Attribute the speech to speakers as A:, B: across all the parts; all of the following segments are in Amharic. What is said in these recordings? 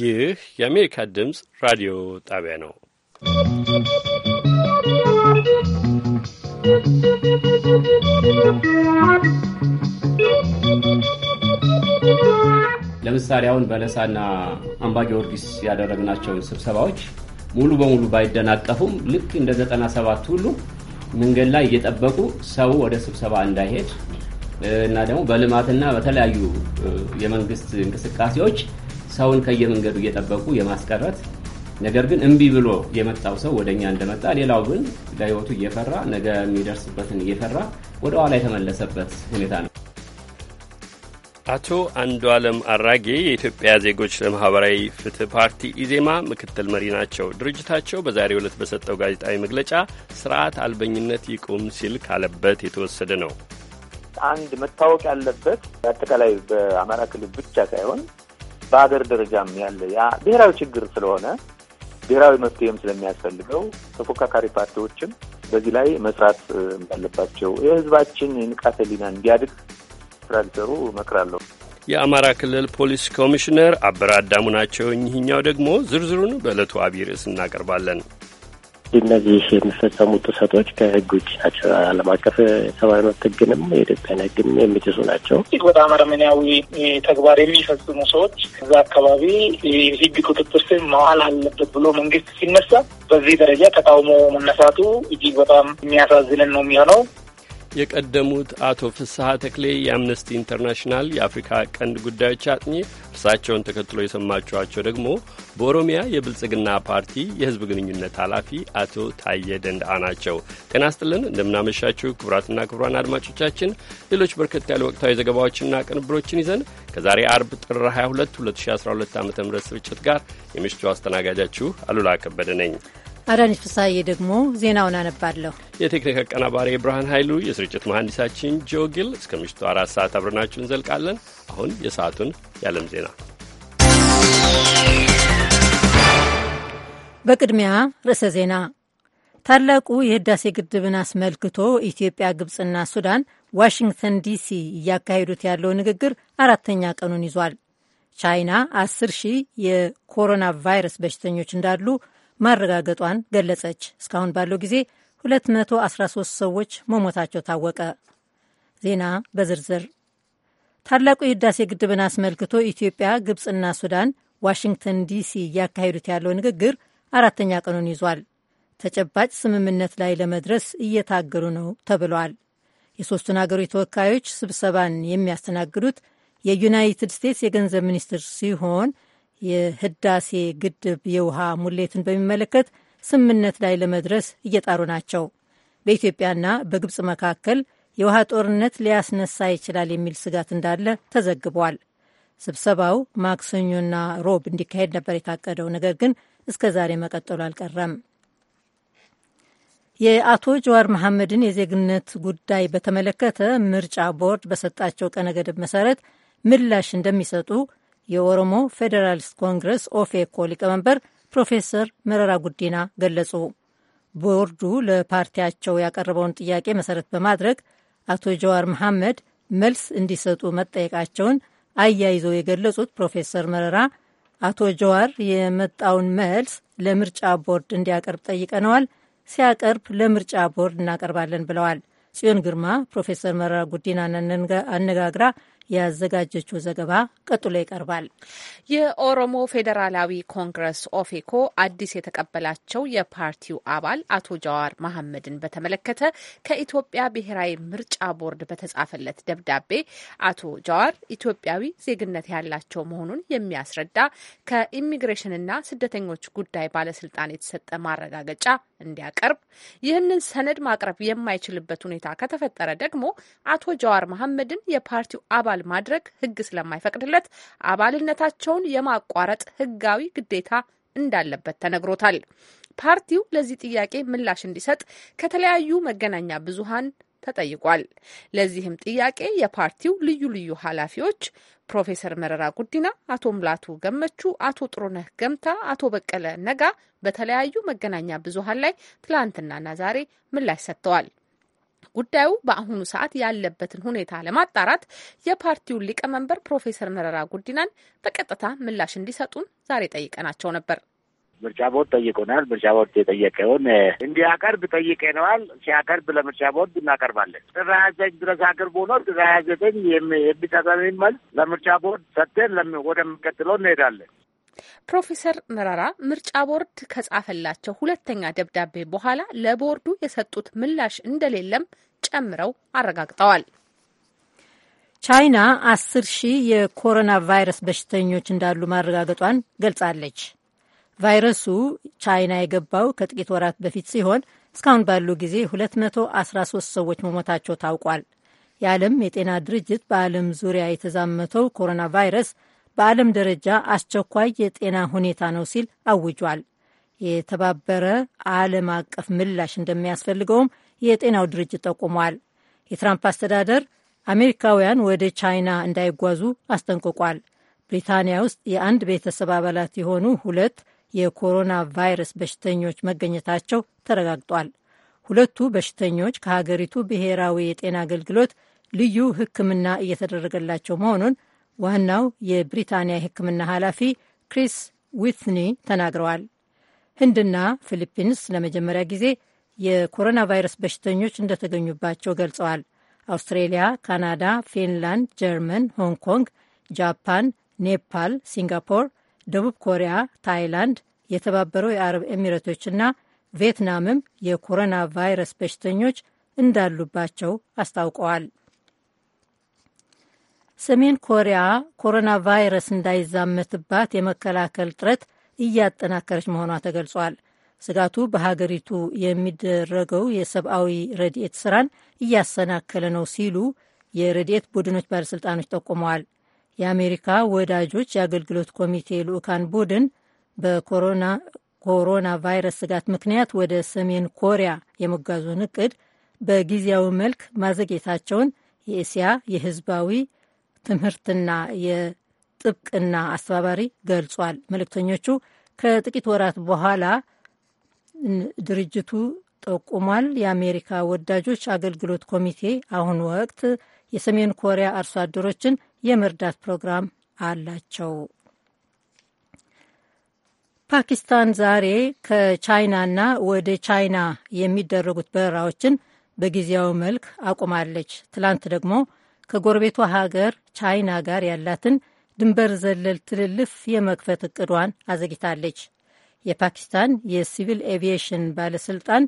A: ይህ የአሜሪካ ድምፅ ራዲዮ ጣቢያ ነው።
B: ለምሳሌ አሁን በለሳና አምባ ጊዮርጊስ ያደረግናቸውን ስብሰባዎች ሙሉ በሙሉ ባይደናቀፉም ልክ እንደ ዘጠና ሰባት ሁሉ መንገድ ላይ እየጠበቁ ሰው ወደ ስብሰባ እንዳይሄድ እና ደግሞ በልማትና በተለያዩ የመንግስት እንቅስቃሴዎች ሰውን ከየመንገዱ እየጠበቁ የማስቀረት ነገር ግን እምቢ ብሎ የመጣው ሰው ወደ እኛ እንደመጣ፣ ሌላው ግን ለህይወቱ እየፈራ ነገ የሚደርስበትን እየፈራ ወደ ኋላ የተመለሰበት ሁኔታ ነው።
A: አቶ አንዱ አለም አራጌ የኢትዮጵያ ዜጎች ለማህበራዊ ፍትህ ፓርቲ ኢዜማ ምክትል መሪ ናቸው። ድርጅታቸው በዛሬ ዕለት በሰጠው ጋዜጣዊ መግለጫ ስርዓት አልበኝነት ይቁም ሲል ካለበት የተወሰደ ነው።
C: አንድ መታወቅ ያለበት አጠቃላይ በአማራ ክልል ብቻ ሳይሆን በሀገር ደረጃም ያለ ያ ብሔራዊ ችግር ስለሆነ ብሔራዊ መፍትሄም ስለሚያስፈልገው ተፎካካሪ ፓርቲዎችም በዚህ ላይ መስራት እንዳለባቸው የህዝባችን ንቃተ ሕሊና እንዲያድግ ስራ ሊሰሩ እመክራለሁ።
A: የአማራ ክልል ፖሊስ ኮሚሽነር አበራ አዳሙ ናቸው። እኚህኛው ደግሞ ዝርዝሩን በዕለቱ አብይ ርዕስ እናቀርባለን።
D: እነዚህ የሚፈጸሙ ጥሰቶች ከህግ ውጭ ናቸው። ዓለም አቀፍ ሰብአዊ መብት ህግንም የኢትዮጵያን ህግም የሚጥሱ ናቸው።
E: እጅግ በጣም አረመኔያዊ ተግባር የሚፈጽሙ ሰዎች እዛ አካባቢ ህግ ቁጥጥር ስር መዋል አለበት ብሎ መንግስት ሲነሳ በዚህ ደረጃ ተቃውሞ መነሳቱ እጅግ በጣም የሚያሳዝንን ነው የሚሆነው።
A: የቀደሙት አቶ ፍስሐ ተክሌ የአምነስቲ ኢንተርናሽናል የአፍሪካ ቀንድ ጉዳዮች አጥኚ፣ እርሳቸውን ተከትሎ የሰማችኋቸው ደግሞ በኦሮሚያ የብልጽግና ፓርቲ የህዝብ ግንኙነት ኃላፊ አቶ ታየ ደንደአ ናቸው። ጤና ስጥልን፣ እንደምናመሻችሁ ክቡራትና ክቡራን አድማጮቻችን። ሌሎች በርከት ያሉ ወቅታዊ ዘገባዎችና ቅንብሮችን ይዘን ከዛሬ አርብ ጥር 22 2012 ዓ ም ስርጭት ጋር የምሽቱ አስተናጋጃችሁ አሉላ ከበደ ነኝ።
F: አዳነች ፍሳዬ ደግሞ ዜናውን አነባለሁ።
A: የቴክኒክ አቀናባሪ ብርሃን ኃይሉ፣ የስርጭት መሐንዲሳችን ጆጊል። እስከ ምሽቱ አራት ሰዓት አብረናችሁ እንዘልቃለን። አሁን የሰዓቱን የዓለም ዜና
F: በቅድሚያ ርዕሰ ዜና። ታላቁ የህዳሴ ግድብን አስመልክቶ ኢትዮጵያ፣ ግብፅና ሱዳን ዋሽንግተን ዲሲ እያካሄዱት ያለው ንግግር አራተኛ ቀኑን ይዟል። ቻይና አስር ሺህ የኮሮና ቫይረስ በሽተኞች እንዳሉ ማረጋገጧን ገለጸች። እስካሁን ባለው ጊዜ 213 ሰዎች መሞታቸው ታወቀ። ዜና በዝርዝር ታላቁ የህዳሴ ግድብን አስመልክቶ ኢትዮጵያ፣ ግብፅና ሱዳን ዋሽንግተን ዲሲ እያካሄዱት ያለው ንግግር አራተኛ ቀኑን ይዟል። ተጨባጭ ስምምነት ላይ ለመድረስ እየታገሉ ነው ተብሏል። የሦስቱን አገሮች ተወካዮች ስብሰባን የሚያስተናግዱት የዩናይትድ ስቴትስ የገንዘብ ሚኒስትር ሲሆን የህዳሴ ግድብ የውሃ ሙሌትን በሚመለከት ስምምነት ላይ ለመድረስ እየጣሩ ናቸው። በኢትዮጵያና በግብፅ መካከል የውሃ ጦርነት ሊያስነሳ ይችላል የሚል ስጋት እንዳለ ተዘግቧል። ስብሰባው ማክሰኞና ሮብ እንዲካሄድ ነበር የታቀደው፣ ነገር ግን እስከ ዛሬ መቀጠሉ አልቀረም። የአቶ ጀዋር መሐመድን የዜግነት ጉዳይ በተመለከተ ምርጫ ቦርድ በሰጣቸው ቀነ ገደብ መሰረት ምላሽ እንደሚሰጡ የኦሮሞ ፌዴራሊስት ኮንግረስ ኦፌኮ ሊቀመንበር ፕሮፌሰር መረራ ጉዲና ገለጹ። ቦርዱ ለፓርቲያቸው ያቀረበውን ጥያቄ መሰረት በማድረግ አቶ ጀዋር መሐመድ መልስ እንዲሰጡ መጠየቃቸውን አያይዘው የገለጹት ፕሮፌሰር መረራ አቶ ጀዋር የመጣውን መልስ ለምርጫ ቦርድ እንዲያቀርብ ጠይቀነዋል፣ ሲያቀርብ ለምርጫ ቦርድ እናቀርባለን ብለዋል። ጽዮን ግርማ ፕሮፌሰር መረራ ጉዲና አነጋግራ ያዘጋጀችው ዘገባ ቀጥሎ
G: ይቀርባል። የኦሮሞ ፌዴራላዊ ኮንግረስ ኦፌኮ አዲስ የተቀበላቸው የፓርቲው አባል አቶ ጃዋር መሐመድን በተመለከተ ከኢትዮጵያ ብሔራዊ ምርጫ ቦርድ በተጻፈለት ደብዳቤ አቶ ጃዋር ኢትዮጵያዊ ዜግነት ያላቸው መሆኑን የሚያስረዳ ከኢሚግሬሽንና ስደተኞች ጉዳይ ባለስልጣን የተሰጠ ማረጋገጫ እንዲያቀርብ፣ ይህንን ሰነድ ማቅረብ የማይችልበት ሁኔታ ከተፈጠረ ደግሞ አቶ ጃዋር መሐመድን የፓርቲው አባል አባል ማድረግ ህግ ስለማይፈቅድለት አባልነታቸውን የማቋረጥ ህጋዊ ግዴታ እንዳለበት ተነግሮታል። ፓርቲው ለዚህ ጥያቄ ምላሽ እንዲሰጥ ከተለያዩ መገናኛ ብዙሃን ተጠይቋል። ለዚህም ጥያቄ የፓርቲው ልዩ ልዩ ኃላፊዎች ፕሮፌሰር መረራ ጉዲና፣ አቶ ምላቱ ገመቹ፣ አቶ ጥሩነህ ገምታ፣ አቶ በቀለ ነጋ በተለያዩ መገናኛ ብዙሃን ላይ ትላንትናና ዛሬ ምላሽ ሰጥተዋል። ጉዳዩ በአሁኑ ሰዓት ያለበትን ሁኔታ ለማጣራት የፓርቲውን ሊቀመንበር ፕሮፌሰር መረራ ጉዲናን በቀጥታ ምላሽ እንዲሰጡን ዛሬ ጠይቀናቸው ነበር።
H: ምርጫ ቦርድ ጠይቆናል። ምርጫ ቦርድ የጠየቀውን
G: እንዲያቀርብ ጠይቀነዋል። ሲያቀርብ ለምርጫ ቦርድ እናቀርባለን። ጥር
H: ሀያ ዘጠኝ ድረስ አቅርቦ ነው። ጥር ሀያ ዘጠኝ የሚሰጠንን መልስ ለምርጫ ቦርድ ሰጥተን ወደሚቀጥለው እንሄዳለን።
G: ፕሮፌሰር መራራ ምርጫ ቦርድ ከጻፈላቸው ሁለተኛ ደብዳቤ በኋላ ለቦርዱ የሰጡት ምላሽ እንደሌለም ጨምረው አረጋግጠዋል።
F: ቻይና አስር ሺህ የኮሮና ቫይረስ በሽተኞች እንዳሉ ማረጋገጧን ገልጻለች። ቫይረሱ ቻይና የገባው ከጥቂት ወራት በፊት ሲሆን እስካሁን ባለው ጊዜ 213 ሰዎች መሞታቸው ታውቋል። የዓለም የጤና ድርጅት በዓለም ዙሪያ የተዛመተው ኮሮና ቫይረስ በዓለም ደረጃ አስቸኳይ የጤና ሁኔታ ነው ሲል አውጇል። የተባበረ ዓለም አቀፍ ምላሽ እንደሚያስፈልገውም የጤናው ድርጅት ጠቁሟል። የትራምፕ አስተዳደር አሜሪካውያን ወደ ቻይና እንዳይጓዙ አስጠንቅቋል። ብሪታንያ ውስጥ የአንድ ቤተሰብ አባላት የሆኑ ሁለት የኮሮና ቫይረስ በሽተኞች መገኘታቸው ተረጋግጧል። ሁለቱ በሽተኞች ከሀገሪቱ ብሔራዊ የጤና አገልግሎት ልዩ ሕክምና እየተደረገላቸው መሆኑን ዋናው የብሪታንያ የሕክምና ኃላፊ ክሪስ ዊትኒ ተናግረዋል። ህንድና ፊሊፒንስ ለመጀመሪያ ጊዜ የኮሮና ቫይረስ በሽተኞች እንደተገኙባቸው ገልጸዋል። አውስትሬሊያ፣ ካናዳ፣ ፊንላንድ፣ ጀርመን፣ ሆንግ ኮንግ፣ ጃፓን፣ ኔፓል፣ ሲንጋፖር፣ ደቡብ ኮሪያ፣ ታይላንድ፣ የተባበረው የአረብ ኤሚሬቶችና ቪየትናምም የኮሮና ቫይረስ በሽተኞች እንዳሉባቸው አስታውቀዋል። ሰሜን ኮሪያ ኮሮና ቫይረስ እንዳይዛመትባት የመከላከል ጥረት እያጠናከረች መሆኗ ተገልጿል። ስጋቱ በሀገሪቱ የሚደረገው የሰብአዊ ረድኤት ስራን እያሰናከለ ነው ሲሉ የረድኤት ቡድኖች ባለሥልጣኖች ጠቁመዋል። የአሜሪካ ወዳጆች የአገልግሎት ኮሚቴ ልዑካን ቡድን በኮሮና ኮሮና ቫይረስ ስጋት ምክንያት ወደ ሰሜን ኮሪያ የመጓዙን እቅድ በጊዜያዊ መልክ ማዘግየታቸውን የእስያ የህዝባዊ ትምህርትና የጥብቅና አስተባባሪ ገልጿል። መልእክተኞቹ ከጥቂት ወራት በኋላ ድርጅቱ ጠቁሟል። የአሜሪካ ወዳጆች አገልግሎት ኮሚቴ አሁን ወቅት የሰሜን ኮሪያ አርሶ አደሮችን የመርዳት ፕሮግራም አላቸው። ፓኪስታን ዛሬ ከቻይናና ወደ ቻይና የሚደረጉት በረራዎችን በጊዜያዊ መልክ አቁማለች። ትላንት ደግሞ ከጎረቤቷ ሀገር ቻይና ጋር ያላትን ድንበር ዘለል ትልልፍ የመክፈት እቅዷን አዘግታለች። የፓኪስታን የሲቪል ኤቪየሽን ባለስልጣን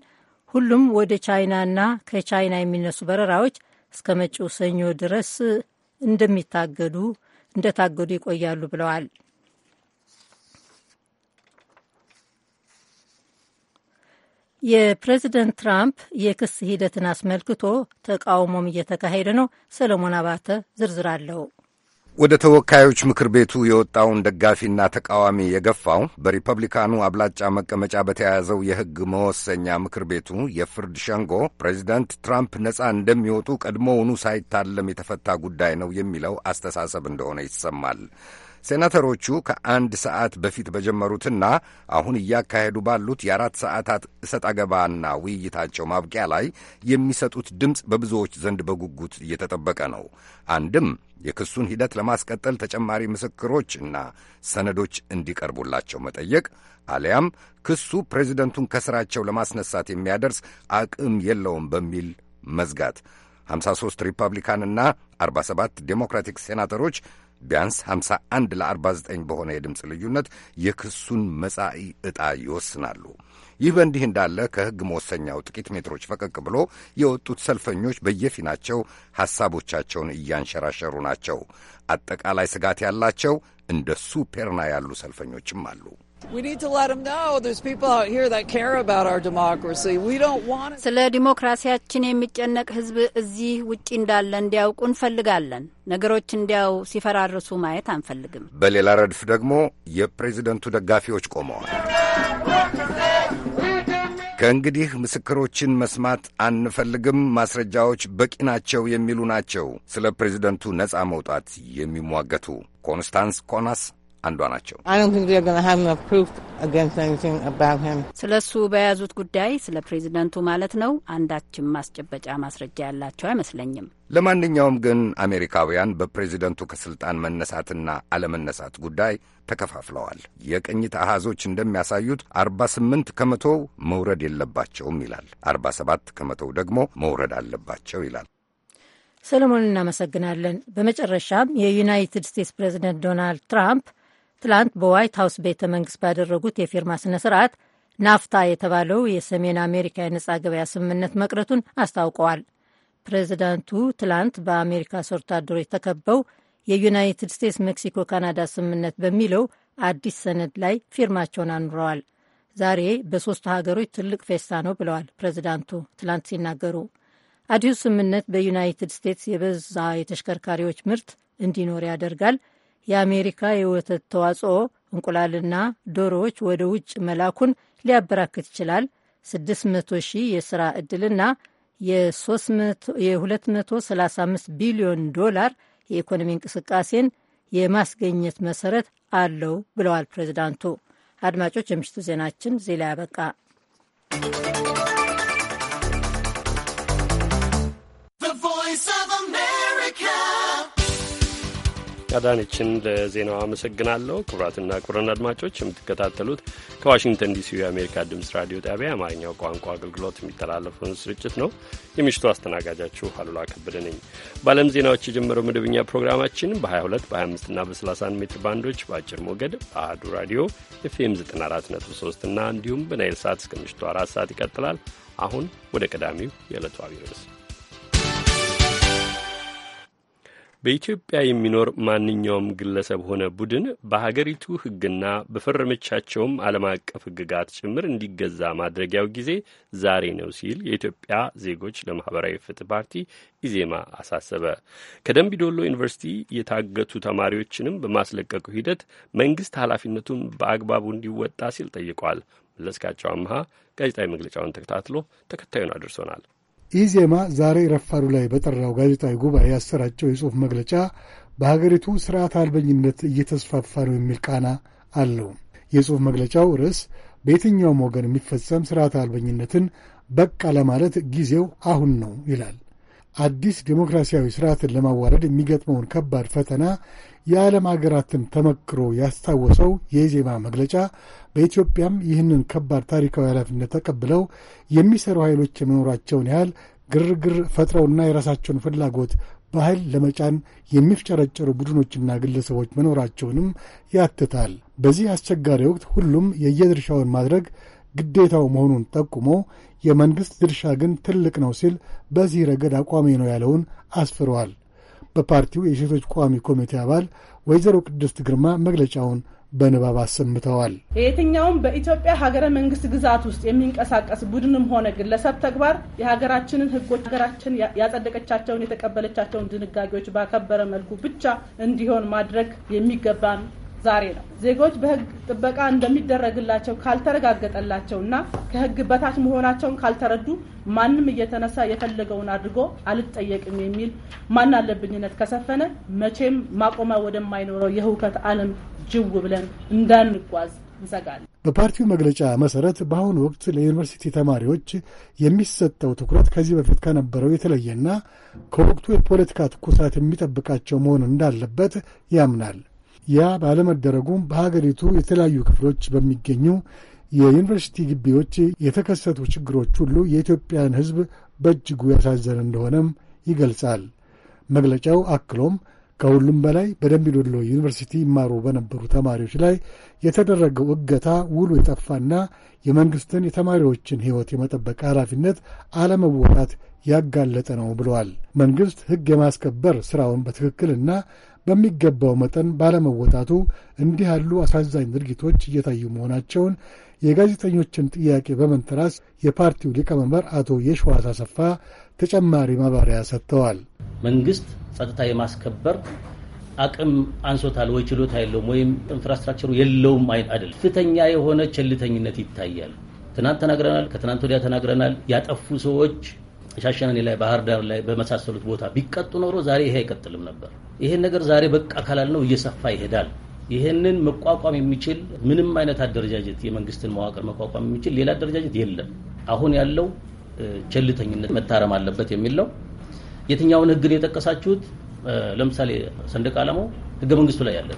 F: ሁሉም ወደ ቻይናና ከቻይና የሚነሱ በረራዎች እስከ መጪው ሰኞ ድረስ እንደሚታገዱ እንደታገዱ ይቆያሉ ብለዋል። የፕሬዚደንት ትራምፕ የክስ ሂደትን አስመልክቶ ተቃውሞም እየተካሄደ ነው። ሰለሞን አባተ ዝርዝር አለው።
I: ወደ ተወካዮች ምክር ቤቱ የወጣውን ደጋፊና ተቃዋሚ የገፋው በሪፐብሊካኑ አብላጫ መቀመጫ በተያያዘው የሕግ መወሰኛ ምክር ቤቱ የፍርድ ሸንጎ ፕሬዚደንት ትራምፕ ነፃ እንደሚወጡ ቀድሞውኑ ሳይታለም የተፈታ ጉዳይ ነው የሚለው አስተሳሰብ እንደሆነ ይሰማል። ሴናተሮቹ ከአንድ ሰዓት በፊት በጀመሩትና አሁን እያካሄዱ ባሉት የአራት ሰዓታት እሰጥ አገባና ውይይታቸው ማብቂያ ላይ የሚሰጡት ድምፅ በብዙዎች ዘንድ በጉጉት እየተጠበቀ ነው። አንድም የክሱን ሂደት ለማስቀጠል ተጨማሪ ምስክሮች እና ሰነዶች እንዲቀርቡላቸው መጠየቅ አሊያም ክሱ ፕሬዚደንቱን ከሥራቸው ለማስነሳት የሚያደርስ አቅም የለውም በሚል መዝጋት 53 ሪፐብሊካንና 47 ዴሞክራቲክ ሴናተሮች ቢያንስ 51 ለ49 በሆነ የድምፅ ልዩነት የክሱን መጻኢ ዕጣ ይወስናሉ። ይህ በእንዲህ እንዳለ ከሕግ መወሰኛው ጥቂት ሜትሮች ፈቀቅ ብሎ የወጡት ሰልፈኞች በየፊናቸው ሐሳቦቻቸውን እያንሸራሸሩ ናቸው። አጠቃላይ ስጋት ያላቸው እንደ ሱ ያሉ ሰልፈኞችም አሉ።
J: ስለ ዲሞክራሲያችን የሚጨነቅ ህዝብ እዚህ ውጪ እንዳለ እንዲያውቁ እንፈልጋለን። ነገሮች እንዲያው ሲፈራርሱ ማየት አንፈልግም።
I: በሌላ ረድፍ ደግሞ የፕሬዝደንቱ ደጋፊዎች ቆመዋል። ከእንግዲህ ምስክሮችን መስማት አንፈልግም፣ ማስረጃዎች በቂ ናቸው የሚሉ ናቸው። ስለ ፕሬዝደንቱ ነፃ መውጣት የሚሟገቱ ኮንስታንስ ኮናስ አንዷ ናቸው።
F: ስለ እሱ
J: በያዙት ጉዳይ ስለ ፕሬዚደንቱ ማለት ነው አንዳችም ማስጨበጫ ማስረጃ ያላቸው አይመስለኝም።
I: ለማንኛውም ግን አሜሪካውያን በፕሬዚደንቱ ከስልጣን መነሳትና አለመነሳት ጉዳይ ተከፋፍለዋል። የቅኝት አሃዞች እንደሚያሳዩት 48 ከመቶው መውረድ የለባቸውም ይላል፣ 47 ከመቶው ደግሞ መውረድ አለባቸው ይላል።
F: ሰለሞን እናመሰግናለን። በመጨረሻም የዩናይትድ ስቴትስ ፕሬዚደንት ዶናልድ ትራምፕ ትላንት በዋይት ሀውስ ቤተ መንግስት ባደረጉት የፊርማ ስነ ስርዓት ናፍታ የተባለው የሰሜን አሜሪካ የነጻ ገበያ ስምምነት መቅረቱን አስታውቀዋል። ፕሬዚዳንቱ ትላንት በአሜሪካ ወታደሮች ተከበው የዩናይትድ ስቴትስ ሜክሲኮ ካናዳ ስምምነት በሚለው አዲስ ሰነድ ላይ ፊርማቸውን አኑረዋል። ዛሬ በሦስቱ ሀገሮች ትልቅ ፌስታ ነው ብለዋል ፕሬዚዳንቱ ትላንት ሲናገሩ። አዲሱ ስምምነት በዩናይትድ ስቴትስ የበዛ የተሽከርካሪዎች ምርት እንዲኖር ያደርጋል፣ የአሜሪካ የወተት ተዋጽኦ እንቁላልና ዶሮዎች ወደ ውጭ መላኩን ሊያበራክት ይችላል። 600 ሺህ የሥራ ዕድልና የ235 ቢሊዮን ዶላር የኢኮኖሚ እንቅስቃሴን የማስገኘት መሰረት አለው ብለዋል ፕሬዚዳንቱ። አድማጮች፣ የምሽቱ ዜናችን ዜላ ያበቃ
A: አዳነችን ለዜናው አመሰግናለሁ። ክቡራትና ክቡራን አድማጮች የምትከታተሉት ከዋሽንግተን ዲሲ የአሜሪካ ድምፅ ራዲዮ ጣቢያ የአማርኛው ቋንቋ አገልግሎት የሚተላለፈውን ስርጭት ነው። የምሽቱ አስተናጋጃችሁ አሉላ ከበደ ነኝ። በዓለም ዜናዎች የጀመረው መደበኛ ፕሮግራማችን በ22 በ25ና በ31 ሜትር ባንዶች በአጭር ሞገድ በአህዱ ራዲዮ ኤፍኤም 943 እና እንዲሁም በናይል ሰዓት እስከ ምሽቱ አራት ሰዓት ይቀጥላል። አሁን ወደ ቀዳሚው የዕለቱ አብይ ርዕስ በኢትዮጵያ የሚኖር ማንኛውም ግለሰብ ሆነ ቡድን በሀገሪቱ ሕግና በፈረመቻቸውም ዓለም አቀፍ ሕግጋት ጭምር እንዲገዛ ማድረጊያው ጊዜ ዛሬ ነው ሲል የኢትዮጵያ ዜጎች ለማህበራዊ ፍትህ ፓርቲ ኢዜማ አሳሰበ። ከደምቢዶሎ ዩኒቨርሲቲ የታገቱ ተማሪዎችንም በማስለቀቁ ሂደት መንግስት ኃላፊነቱን በአግባቡ እንዲወጣ ሲል ጠይቋል። መለስካቸው አምሃ ጋዜጣዊ መግለጫውን ተከታትሎ ተከታዩን አድርሶናል።
K: ኢዜማ ዛሬ ረፋዱ ላይ በጠራው ጋዜጣዊ ጉባኤ ያሰራጨው የጽሑፍ መግለጫ በሀገሪቱ ስርዓት አልበኝነት እየተስፋፋ ነው የሚል ቃና አለው። የጽሑፍ መግለጫው ርዕስ በየትኛውም ወገን የሚፈጸም ስርዓት አልበኝነትን በቃ ለማለት ጊዜው አሁን ነው ይላል። አዲስ ዴሞክራሲያዊ ስርዓትን ለማዋረድ የሚገጥመውን ከባድ ፈተና የዓለም አገራትን ተመክሮ ያስታወሰው የኢዜማ መግለጫ በኢትዮጵያም ይህንን ከባድ ታሪካዊ ኃላፊነት ተቀብለው የሚሰሩ ኃይሎች የመኖራቸውን ያህል ግርግር ፈጥረውና የራሳቸውን ፍላጎት በኃይል ለመጫን የሚፍጨረጨሩ ቡድኖችና ግለሰቦች መኖራቸውንም ያትታል። በዚህ አስቸጋሪ ወቅት ሁሉም የየድርሻውን ማድረግ ግዴታው መሆኑን ጠቁሞ የመንግሥት ድርሻ ግን ትልቅ ነው ሲል በዚህ ረገድ አቋሜ ነው ያለውን አስፍረዋል። በፓርቲው የሴቶች ቋሚ ኮሚቴ አባል ወይዘሮ ቅድስት ግርማ መግለጫውን በንባብ አሰምተዋል።
G: የትኛውም በኢትዮጵያ ሀገረ መንግስት ግዛት ውስጥ የሚንቀሳቀስ ቡድንም ሆነ ግለሰብ ተግባር የሀገራችንን ሕጎች ሀገራችን ያጸደቀቻቸውን የተቀበለቻቸውን ድንጋጌዎች ባከበረ መልኩ ብቻ እንዲሆን ማድረግ የሚገባን ዛሬ ነው። ዜጎች በህግ ጥበቃ እንደሚደረግላቸው ካልተረጋገጠላቸውና ከህግ በታች መሆናቸውን ካልተረዱ ማንም እየተነሳ የፈለገውን አድርጎ አልጠየቅም የሚል ማን አለብኝነት ከሰፈነ መቼም ማቆሚያ ወደማይኖረው የህውከት ዓለም ጅው ብለን እንዳንጓዝ እንሰጋለን።
K: በፓርቲው መግለጫ መሰረት በአሁኑ ወቅት ለዩኒቨርሲቲ ተማሪዎች የሚሰጠው ትኩረት ከዚህ በፊት ከነበረው የተለየና ከወቅቱ የፖለቲካ ትኩሳት የሚጠብቃቸው መሆን እንዳለበት ያምናል። ያ ባለመደረጉም በሀገሪቱ የተለያዩ ክፍሎች በሚገኙ የዩኒቨርሲቲ ግቢዎች የተከሰቱ ችግሮች ሁሉ የኢትዮጵያን ሕዝብ በእጅጉ ያሳዘነ እንደሆነም ይገልጻል። መግለጫው አክሎም ከሁሉም በላይ በደምቢ ዩኒቨርሲቲ ይማሩ በነበሩ ተማሪዎች ላይ የተደረገው እገታ ውሉ የጠፋና የመንግሥትን የተማሪዎችን ሕይወት የመጠበቅ ኃላፊነት አለመወጣት ያጋለጠ ነው ብለዋል። መንግሥት ሕግ የማስከበር ሥራውን በትክክልና በሚገባው መጠን ባለመወጣቱ እንዲህ ያሉ አሳዛኝ ድርጊቶች እየታዩ መሆናቸውን የጋዜጠኞችን ጥያቄ በመንተራስ የፓርቲው ሊቀመንበር አቶ የሸዋስ አሰፋ ተጨማሪ ማብራሪያ ሰጥተዋል።
L: መንግስት ጸጥታ የማስከበር አቅም አንሶታል ወይ ችሎታ የለውም ወይም ኢንፍራስትራክቸሩ የለውም አይን አይደለም። የሆነ ቸልተኝነት ይታያል። ትናንት ተናግረናል፣ ከትናንት ወዲያ ተናግረናል። ያጠፉ ሰዎች ሻሸመኔ ላይ፣ ባህር ዳር ላይ በመሳሰሉት ቦታ ቢቀጡ ኖሮ ዛሬ ይሄ አይቀጥልም ነበር። ይሄን ነገር ዛሬ በቃ ካላል ነው እየሰፋ ይሄዳል። ይህንን መቋቋም የሚችል ምንም አይነት አደረጃጀት የመንግስትን መዋቅር መቋቋም የሚችል ሌላ አደረጃጀት የለም። አሁን ያለው ቸልተኝነት መታረም አለበት የሚል ነው። የትኛውን ህግን የጠቀሳችሁት? ለምሳሌ ሰንደቅ ዓላማው ህገ መንግስቱ ላይ ያለ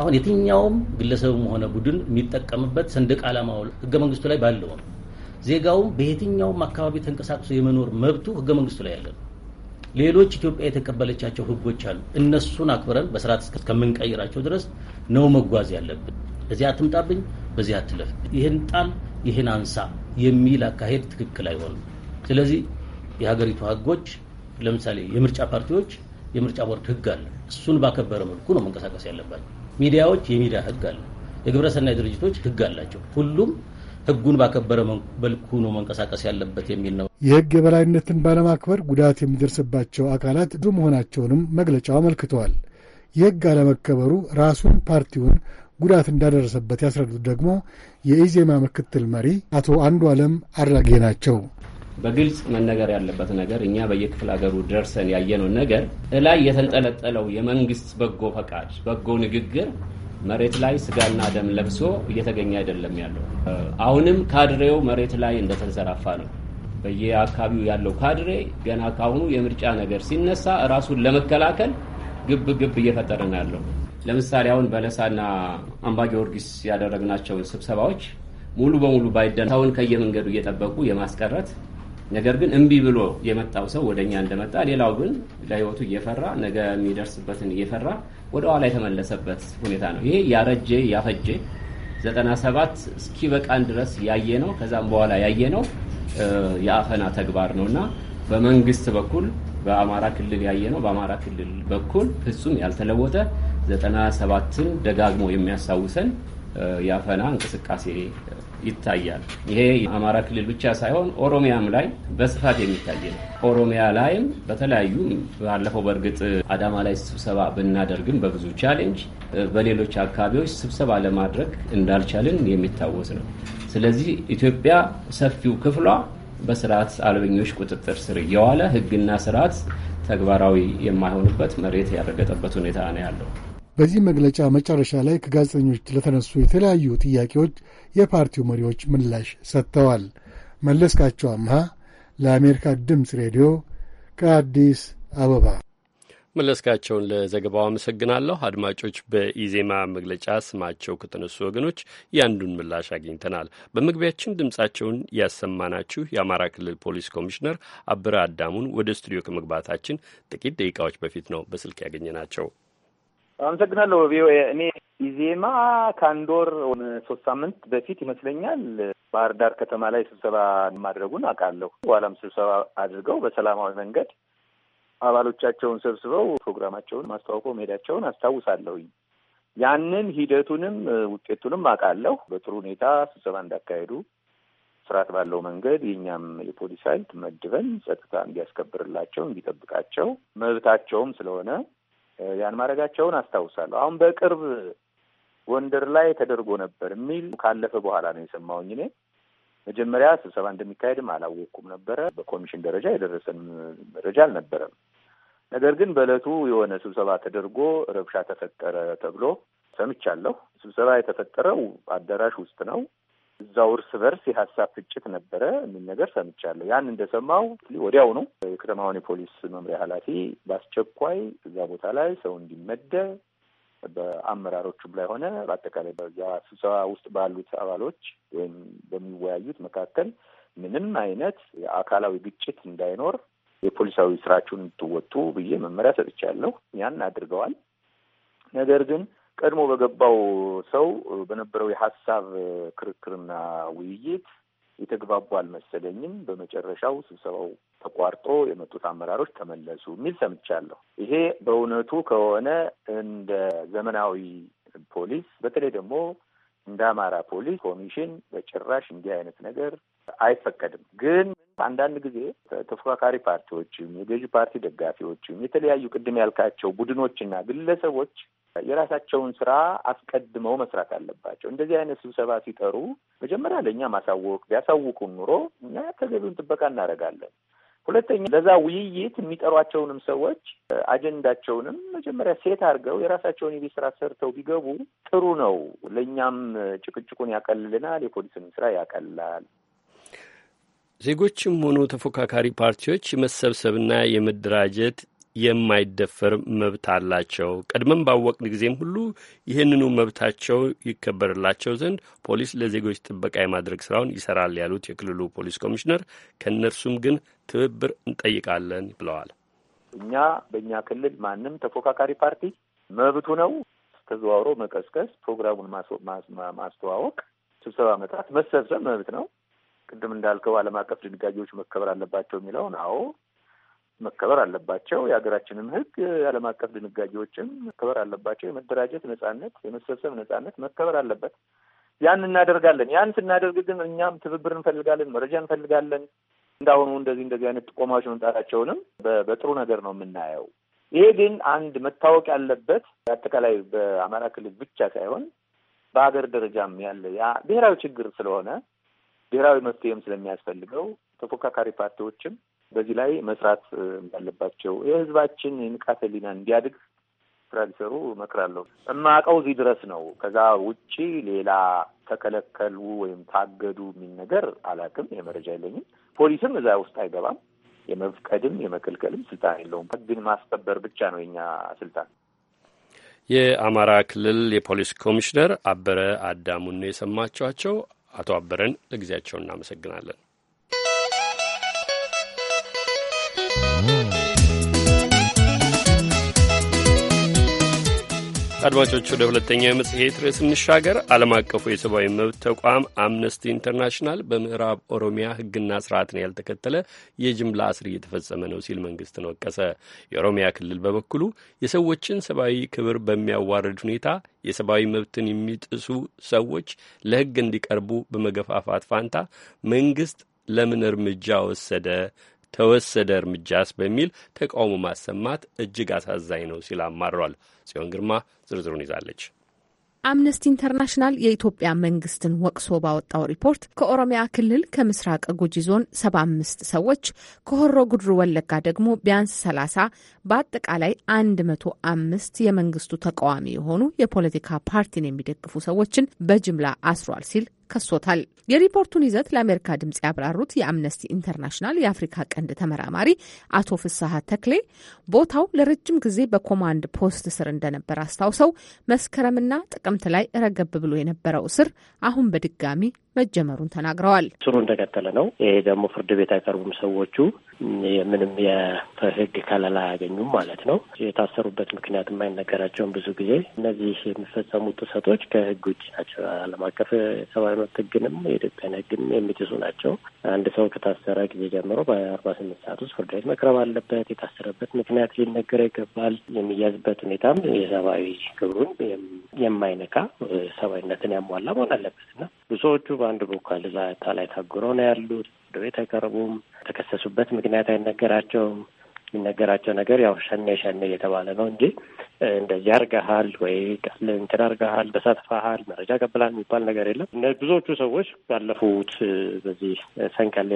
L: አሁን የትኛውም ግለሰብም ሆነ ቡድን የሚጠቀምበት ሰንደቅ ዓላማው ህገ መንግስቱ ላይ ባለው ነው። ዜጋውም በየትኛውም አካባቢ ተንቀሳቅሶ የመኖር መብቱ ህገ መንግስቱ ላይ ያለ ነው። ሌሎች ኢትዮጵያ የተቀበለቻቸው ህጎች አሉ። እነሱን አክብረን በስርዓት እስከምንቀይራቸው ድረስ ነው መጓዝ ያለብን። በዚህ አትምጣብኝ፣ በዚህ አትለፍ፣ ይህን ጣል፣ ይህን አንሳ የሚል አካሄድ ትክክል አይሆንም። ስለዚህ የሀገሪቱ ህጎች ለምሳሌ የምርጫ ፓርቲዎች የምርጫ ቦርድ ህግ አለ። እሱን ባከበረ መልኩ ነው መንቀሳቀስ ያለባቸው። ሚዲያዎች የሚዲያ ህግ አለ። የግብረሰናይ ድርጅቶች ህግ አላቸው። ሁሉም ህጉን ባከበረ መልኩ ነው መንቀሳቀስ ያለበት የሚል ነው።
K: የህግ የበላይነትን ባለማክበር ጉዳት የሚደርስባቸው አካላት ዱ መሆናቸውንም መግለጫው አመልክተዋል። የህግ አለመከበሩ ራሱን ፓርቲውን ጉዳት እንዳደረሰበት ያስረዱት ደግሞ የኢዜማ ምክትል መሪ አቶ አንዱ አለም አራጌ ናቸው።
B: በግልጽ መነገር ያለበት ነገር እኛ በየክፍለ ሀገሩ ደርሰን ያየነው ነገር እላይ የተንጠለጠለው የመንግስት በጎ ፈቃድ፣ በጎ ንግግር መሬት ላይ ስጋና ደም ለብሶ እየተገኘ አይደለም ያለው። አሁንም ካድሬው መሬት ላይ እንደተንሰራፋ ነው። በየአካባቢው ያለው ካድሬ ገና ካሁኑ የምርጫ ነገር ሲነሳ ራሱን ለመከላከል ግብ ግብ እየፈጠረ ነው ያለው። ለምሳሌ አሁን በለሳና አምባ ጊዮርጊስ ያደረግናቸውን ስብሰባዎች ሙሉ በሙሉ ባይደን ሰውን ከየመንገዱ እየጠበቁ የማስቀረት ነገር ግን እምቢ ብሎ የመጣው ሰው ወደ እኛ እንደመጣ ሌላው ግን ለህይወቱ እየፈራ ነገ የሚደርስበትን እየፈራ ወደ ኋላ የተመለሰበት ሁኔታ ነው። ይሄ ያረጀ ያፈጀ 97 እስኪበቃን ድረስ ያየ ነው። ከዛም በኋላ ያየ ነው የአፈና ተግባር ነው እና በመንግስት በኩል በአማራ ክልል ያየ ነው። በአማራ ክልል በኩል ፍጹም ያልተለወጠ 97ን ደጋግሞ የሚያስታውሰን የአፈና እንቅስቃሴ ይታያል። ይሄ የአማራ ክልል ብቻ ሳይሆን ኦሮሚያም ላይ በስፋት የሚታይ ነው። ኦሮሚያ ላይም በተለያዩ ባለፈው በእርግጥ አዳማ ላይ ስብሰባ ብናደርግም በብዙ ቻሌንጅ በሌሎች አካባቢዎች ስብሰባ ለማድረግ እንዳልቻልን የሚታወስ ነው። ስለዚህ ኢትዮጵያ ሰፊው ክፍሏ በስርዓት አልበኞች ቁጥጥር ስር እየዋለ ህግና ስርዓት ተግባራዊ የማይሆንበት መሬት ያረገጠበት ሁኔታ ነው ያለው።
K: በዚህ መግለጫ መጨረሻ ላይ ከጋዜጠኞች ለተነሱ የተለያዩ ጥያቄዎች የፓርቲው መሪዎች ምላሽ ሰጥተዋል። መለስካቸው አምሃ ለአሜሪካ ድምፅ ሬዲዮ ከአዲስ አበባ።
A: መለስካቸውን ለዘገባው አመሰግናለሁ። አድማጮች፣ በኢዜማ መግለጫ ስማቸው ከተነሱ ወገኖች የአንዱን ምላሽ አግኝተናል። በመግቢያችን ድምጻቸውን ያሰማናችሁ የአማራ ክልል ፖሊስ ኮሚሽነር አብረ አዳሙን ወደ ስቱዲዮ ከመግባታችን ጥቂት ደቂቃዎች በፊት ነው በስልክ ያገኘናቸው።
C: አመሰግናለሁ ቪኦኤ። እኔ ኢዜማ ከአንድ ወር ሶስት ሳምንት በፊት ይመስለኛል ባህር ዳር ከተማ ላይ ስብሰባ ማድረጉን አውቃለሁ። በኋላም ስብሰባ አድርገው በሰላማዊ መንገድ አባሎቻቸውን ሰብስበው ፕሮግራማቸውን ማስተዋውቆ መሄዳቸውን አስታውሳለሁኝ። ያንን ሂደቱንም ውጤቱንም አውቃለሁ። በጥሩ ሁኔታ ስብሰባ እንዳካሄዱ ስርዓት ባለው መንገድ የእኛም የፖሊስ ኃይል መድበን ጸጥታ እንዲያስከብርላቸው እንዲጠብቃቸው መብታቸውም ስለሆነ ያን ማድረጋቸውን አስታውሳለሁ። አሁን በቅርብ ጎንደር ላይ ተደርጎ ነበር የሚል ካለፈ በኋላ ነው የሰማውኝ እኔ መጀመሪያ ስብሰባ እንደሚካሄድም አላወቅኩም ነበረ። በኮሚሽን ደረጃ የደረሰን መረጃ አልነበረም። ነገር ግን በእለቱ የሆነ ስብሰባ ተደርጎ ረብሻ ተፈጠረ ተብሎ ሰምቻለሁ። ስብሰባ የተፈጠረው አዳራሽ ውስጥ ነው። እዛው እርስ በርስ የሀሳብ ፍጭት ነበረ የሚል ነገር ሰምቻለሁ። ያን እንደሰማው ነው የከተማውን የፖሊስ መምሪያ ኃላፊ በአስቸኳይ እዛ ቦታ ላይ ሰው እንዲመደብ በአመራሮቹም ላይ ሆነ በአጠቃላይ በዛ ስብሰባ ውስጥ ባሉት አባሎች ወይም በሚወያዩት መካከል ምንም አይነት የአካላዊ ግጭት እንዳይኖር የፖሊሳዊ ስራችሁን እንድትወጡ ብዬ መመሪያ ሰጥቻለሁ። ያን አድርገዋል። ነገር ግን ቀድሞ በገባው ሰው በነበረው የሀሳብ ክርክርና ውይይት የተግባቡ አልመሰለኝም። በመጨረሻው ስብሰባው ተቋርጦ የመጡት አመራሮች ተመለሱ የሚል ሰምቻለሁ። ይሄ በእውነቱ ከሆነ እንደ ዘመናዊ ፖሊስ፣ በተለይ ደግሞ እንደ አማራ ፖሊስ ኮሚሽን በጭራሽ እንዲህ አይነት ነገር አይፈቀድም። ግን አንዳንድ ጊዜ ተፎካካሪ ፓርቲዎችም የገዢ ፓርቲ ደጋፊዎችም የተለያዩ ቅድም ያልካቸው ቡድኖችና ግለሰቦች የራሳቸውን ስራ አስቀድመው መስራት አለባቸው። እንደዚህ አይነት ስብሰባ ሲጠሩ መጀመሪያ ለእኛ ማሳወቅ ቢያሳውቁን ኑሮ እኛ ተገቢውን ጥበቃ እናደርጋለን። ሁለተኛ ለዛ ውይይት የሚጠሯቸውንም ሰዎች አጀንዳቸውንም መጀመሪያ ሴት አድርገው የራሳቸውን የቤት ስራ ሰርተው ቢገቡ ጥሩ ነው። ለእኛም ጭቅጭቁን ያቀልልናል፣ የፖሊስን ስራ ያቀላል።
A: ዜጎችም ሆኑ ተፎካካሪ ፓርቲዎች የመሰብሰብና የመደራጀት የማይደፈር መብት አላቸው። ቀድመን ባወቅን ጊዜም ሁሉ ይህንኑ መብታቸው ይከበርላቸው ዘንድ ፖሊስ ለዜጎች ጥበቃ የማድረግ ስራውን ይሰራል ያሉት የክልሉ ፖሊስ ኮሚሽነር ከእነርሱም ግን ትብብር እንጠይቃለን ብለዋል።
C: እኛ በእኛ ክልል ማንም ተፎካካሪ ፓርቲ መብቱ ነው ተዘዋውሮ መቀስቀስ፣ ፕሮግራሙን ማስተዋወቅ፣ ስብሰባ መጥራት፣ መሰብሰብ መብት ነው። ቅድም እንዳልከው ዓለም አቀፍ ድንጋጌዎች መከበር አለባቸው የሚለውን አዎ መከበር አለባቸው። የሀገራችንም ህግ የዓለም አቀፍ ድንጋጌዎችም መከበር አለባቸው። የመደራጀት ነጻነት፣ የመሰብሰብ ነጻነት መከበር አለበት። ያን እናደርጋለን። ያን ስናደርግ ግን እኛም ትብብር እንፈልጋለን፣ መረጃ እንፈልጋለን። እንዳሁኑ እንደዚህ እንደዚህ አይነት ጥቆማዎች መምጣታቸውንም በጥሩ ነገር ነው የምናየው። ይሄ ግን አንድ መታወቅ ያለበት አጠቃላይ በአማራ ክልል ብቻ ሳይሆን በሀገር ደረጃም ያለ ያ ብሔራዊ ችግር ስለሆነ ብሔራዊ መፍትሄም ስለሚያስፈልገው ተፎካካሪ ፓርቲዎችም በዚህ ላይ መስራት እንዳለባቸው የህዝባችን ንቃተ ህሊና እንዲያድግ ስራ ሊሰሩ እመክራለሁ። እማቀው እዚህ ድረስ ነው። ከዛ ውጪ ሌላ ተከለከሉ ወይም ታገዱ የሚል ነገር አላውቅም። የመረጃ የለኝም። ፖሊስም እዛ ውስጥ አይገባም። የመፍቀድም የመከልከልም ስልጣን የለውም። ህግን ማስከበር ብቻ ነው የኛ ስልጣን።
A: የአማራ ክልል የፖሊስ ኮሚሽነር አበረ አዳሙን ነው የሰማችኋቸው። አቶ አበረን ለጊዜያቸው እናመሰግናለን። አድማጮች ወደ ሁለተኛው የመጽሔት ርዕስ እንሻገር። ዓለም አቀፉ የሰብአዊ መብት ተቋም አምነስቲ ኢንተርናሽናል በምዕራብ ኦሮሚያ ሕግና ስርዓትን ያልተከተለ የጅምላ እስር እየተፈጸመ ነው ሲል መንግስትን ወቀሰ። የኦሮሚያ ክልል በበኩሉ የሰዎችን ሰብአዊ ክብር በሚያዋርድ ሁኔታ የሰብአዊ መብትን የሚጥሱ ሰዎች ለሕግ እንዲቀርቡ በመገፋፋት ፋንታ መንግስት ለምን እርምጃ ወሰደ ተወሰደ እርምጃስ በሚል ተቃውሞ ማሰማት እጅግ አሳዛኝ ነው ሲል አማሯል። ጽዮን ግርማ ዝርዝሩን ይዛለች።
G: አምነስቲ ኢንተርናሽናል የኢትዮጵያ መንግስትን ወቅሶ ባወጣው ሪፖርት ከኦሮሚያ ክልል ከምስራቅ ጉጂ ዞን ሰባ አምስት ሰዎች ከሆሮ ጉድሩ ወለጋ ደግሞ ቢያንስ ሰላሳ በአጠቃላይ አንድ መቶ አምስት የመንግስቱ ተቃዋሚ የሆኑ የፖለቲካ ፓርቲን የሚደግፉ ሰዎችን በጅምላ አስሯል ሲል ከሶታል። የሪፖርቱን ይዘት ለአሜሪካ ድምጽ ያብራሩት የአምነስቲ ኢንተርናሽናል የአፍሪካ ቀንድ ተመራማሪ አቶ ፍስሀ ተክሌ ቦታው ለረጅም ጊዜ በኮማንድ ፖስት ስር እንደነበር አስታውሰው መስከረምና ጥቅምት ላይ ረገብ ብሎ የነበረው እስር አሁን በድጋሚ መጀመሩን ተናግረዋል።
D: ስሩ እንደቀጠለ ነው። ይሄ ደግሞ ፍርድ ቤት አይቀርቡም ሰዎቹ ምንም የህግ ከለላ አያገኙም ማለት ነው። የታሰሩበት ምክንያት የማይነገራቸውን ብዙ ጊዜ እነዚህ የሚፈጸሙ ጥሰቶች ከህግ ውጭ ናቸው። ዓለም አቀፍ ሰብዊ መብት ህግንም የኢትዮጵያን ህግን የሚጥሱ ናቸው። አንድ ሰው ከታሰረ ጊዜ ጀምሮ በአርባ ስምንት ሰዓት ውስጥ ፍርድ ቤት መቅረብ አለበት። የታሰረበት ምክንያት ሊነገረ ይገባል። የሚያዝበት ሁኔታም የሰብአዊ ክብሩን የማይነካ ሰብአዊነትን ያሟላ መሆን አለበትና ብዙዎቹ በአንድ በኩል ዛታ ላይ ታጉረው ነው ያሉት። ፍርድ ቤት አይቀርቡም። የተከሰሱበት ምክንያት አይነገራቸውም። የሚነገራቸው ነገር ያው ሸኔ ሸኔ እየተባለ ነው እንጂ እንደዚህ አርገሃል ወይ እንትን አርገሃል፣ ተሳትፈሃል፣ መረጃ ቀብላል የሚባል ነገር የለም። ብዙዎቹ ሰዎች ባለፉት በዚህ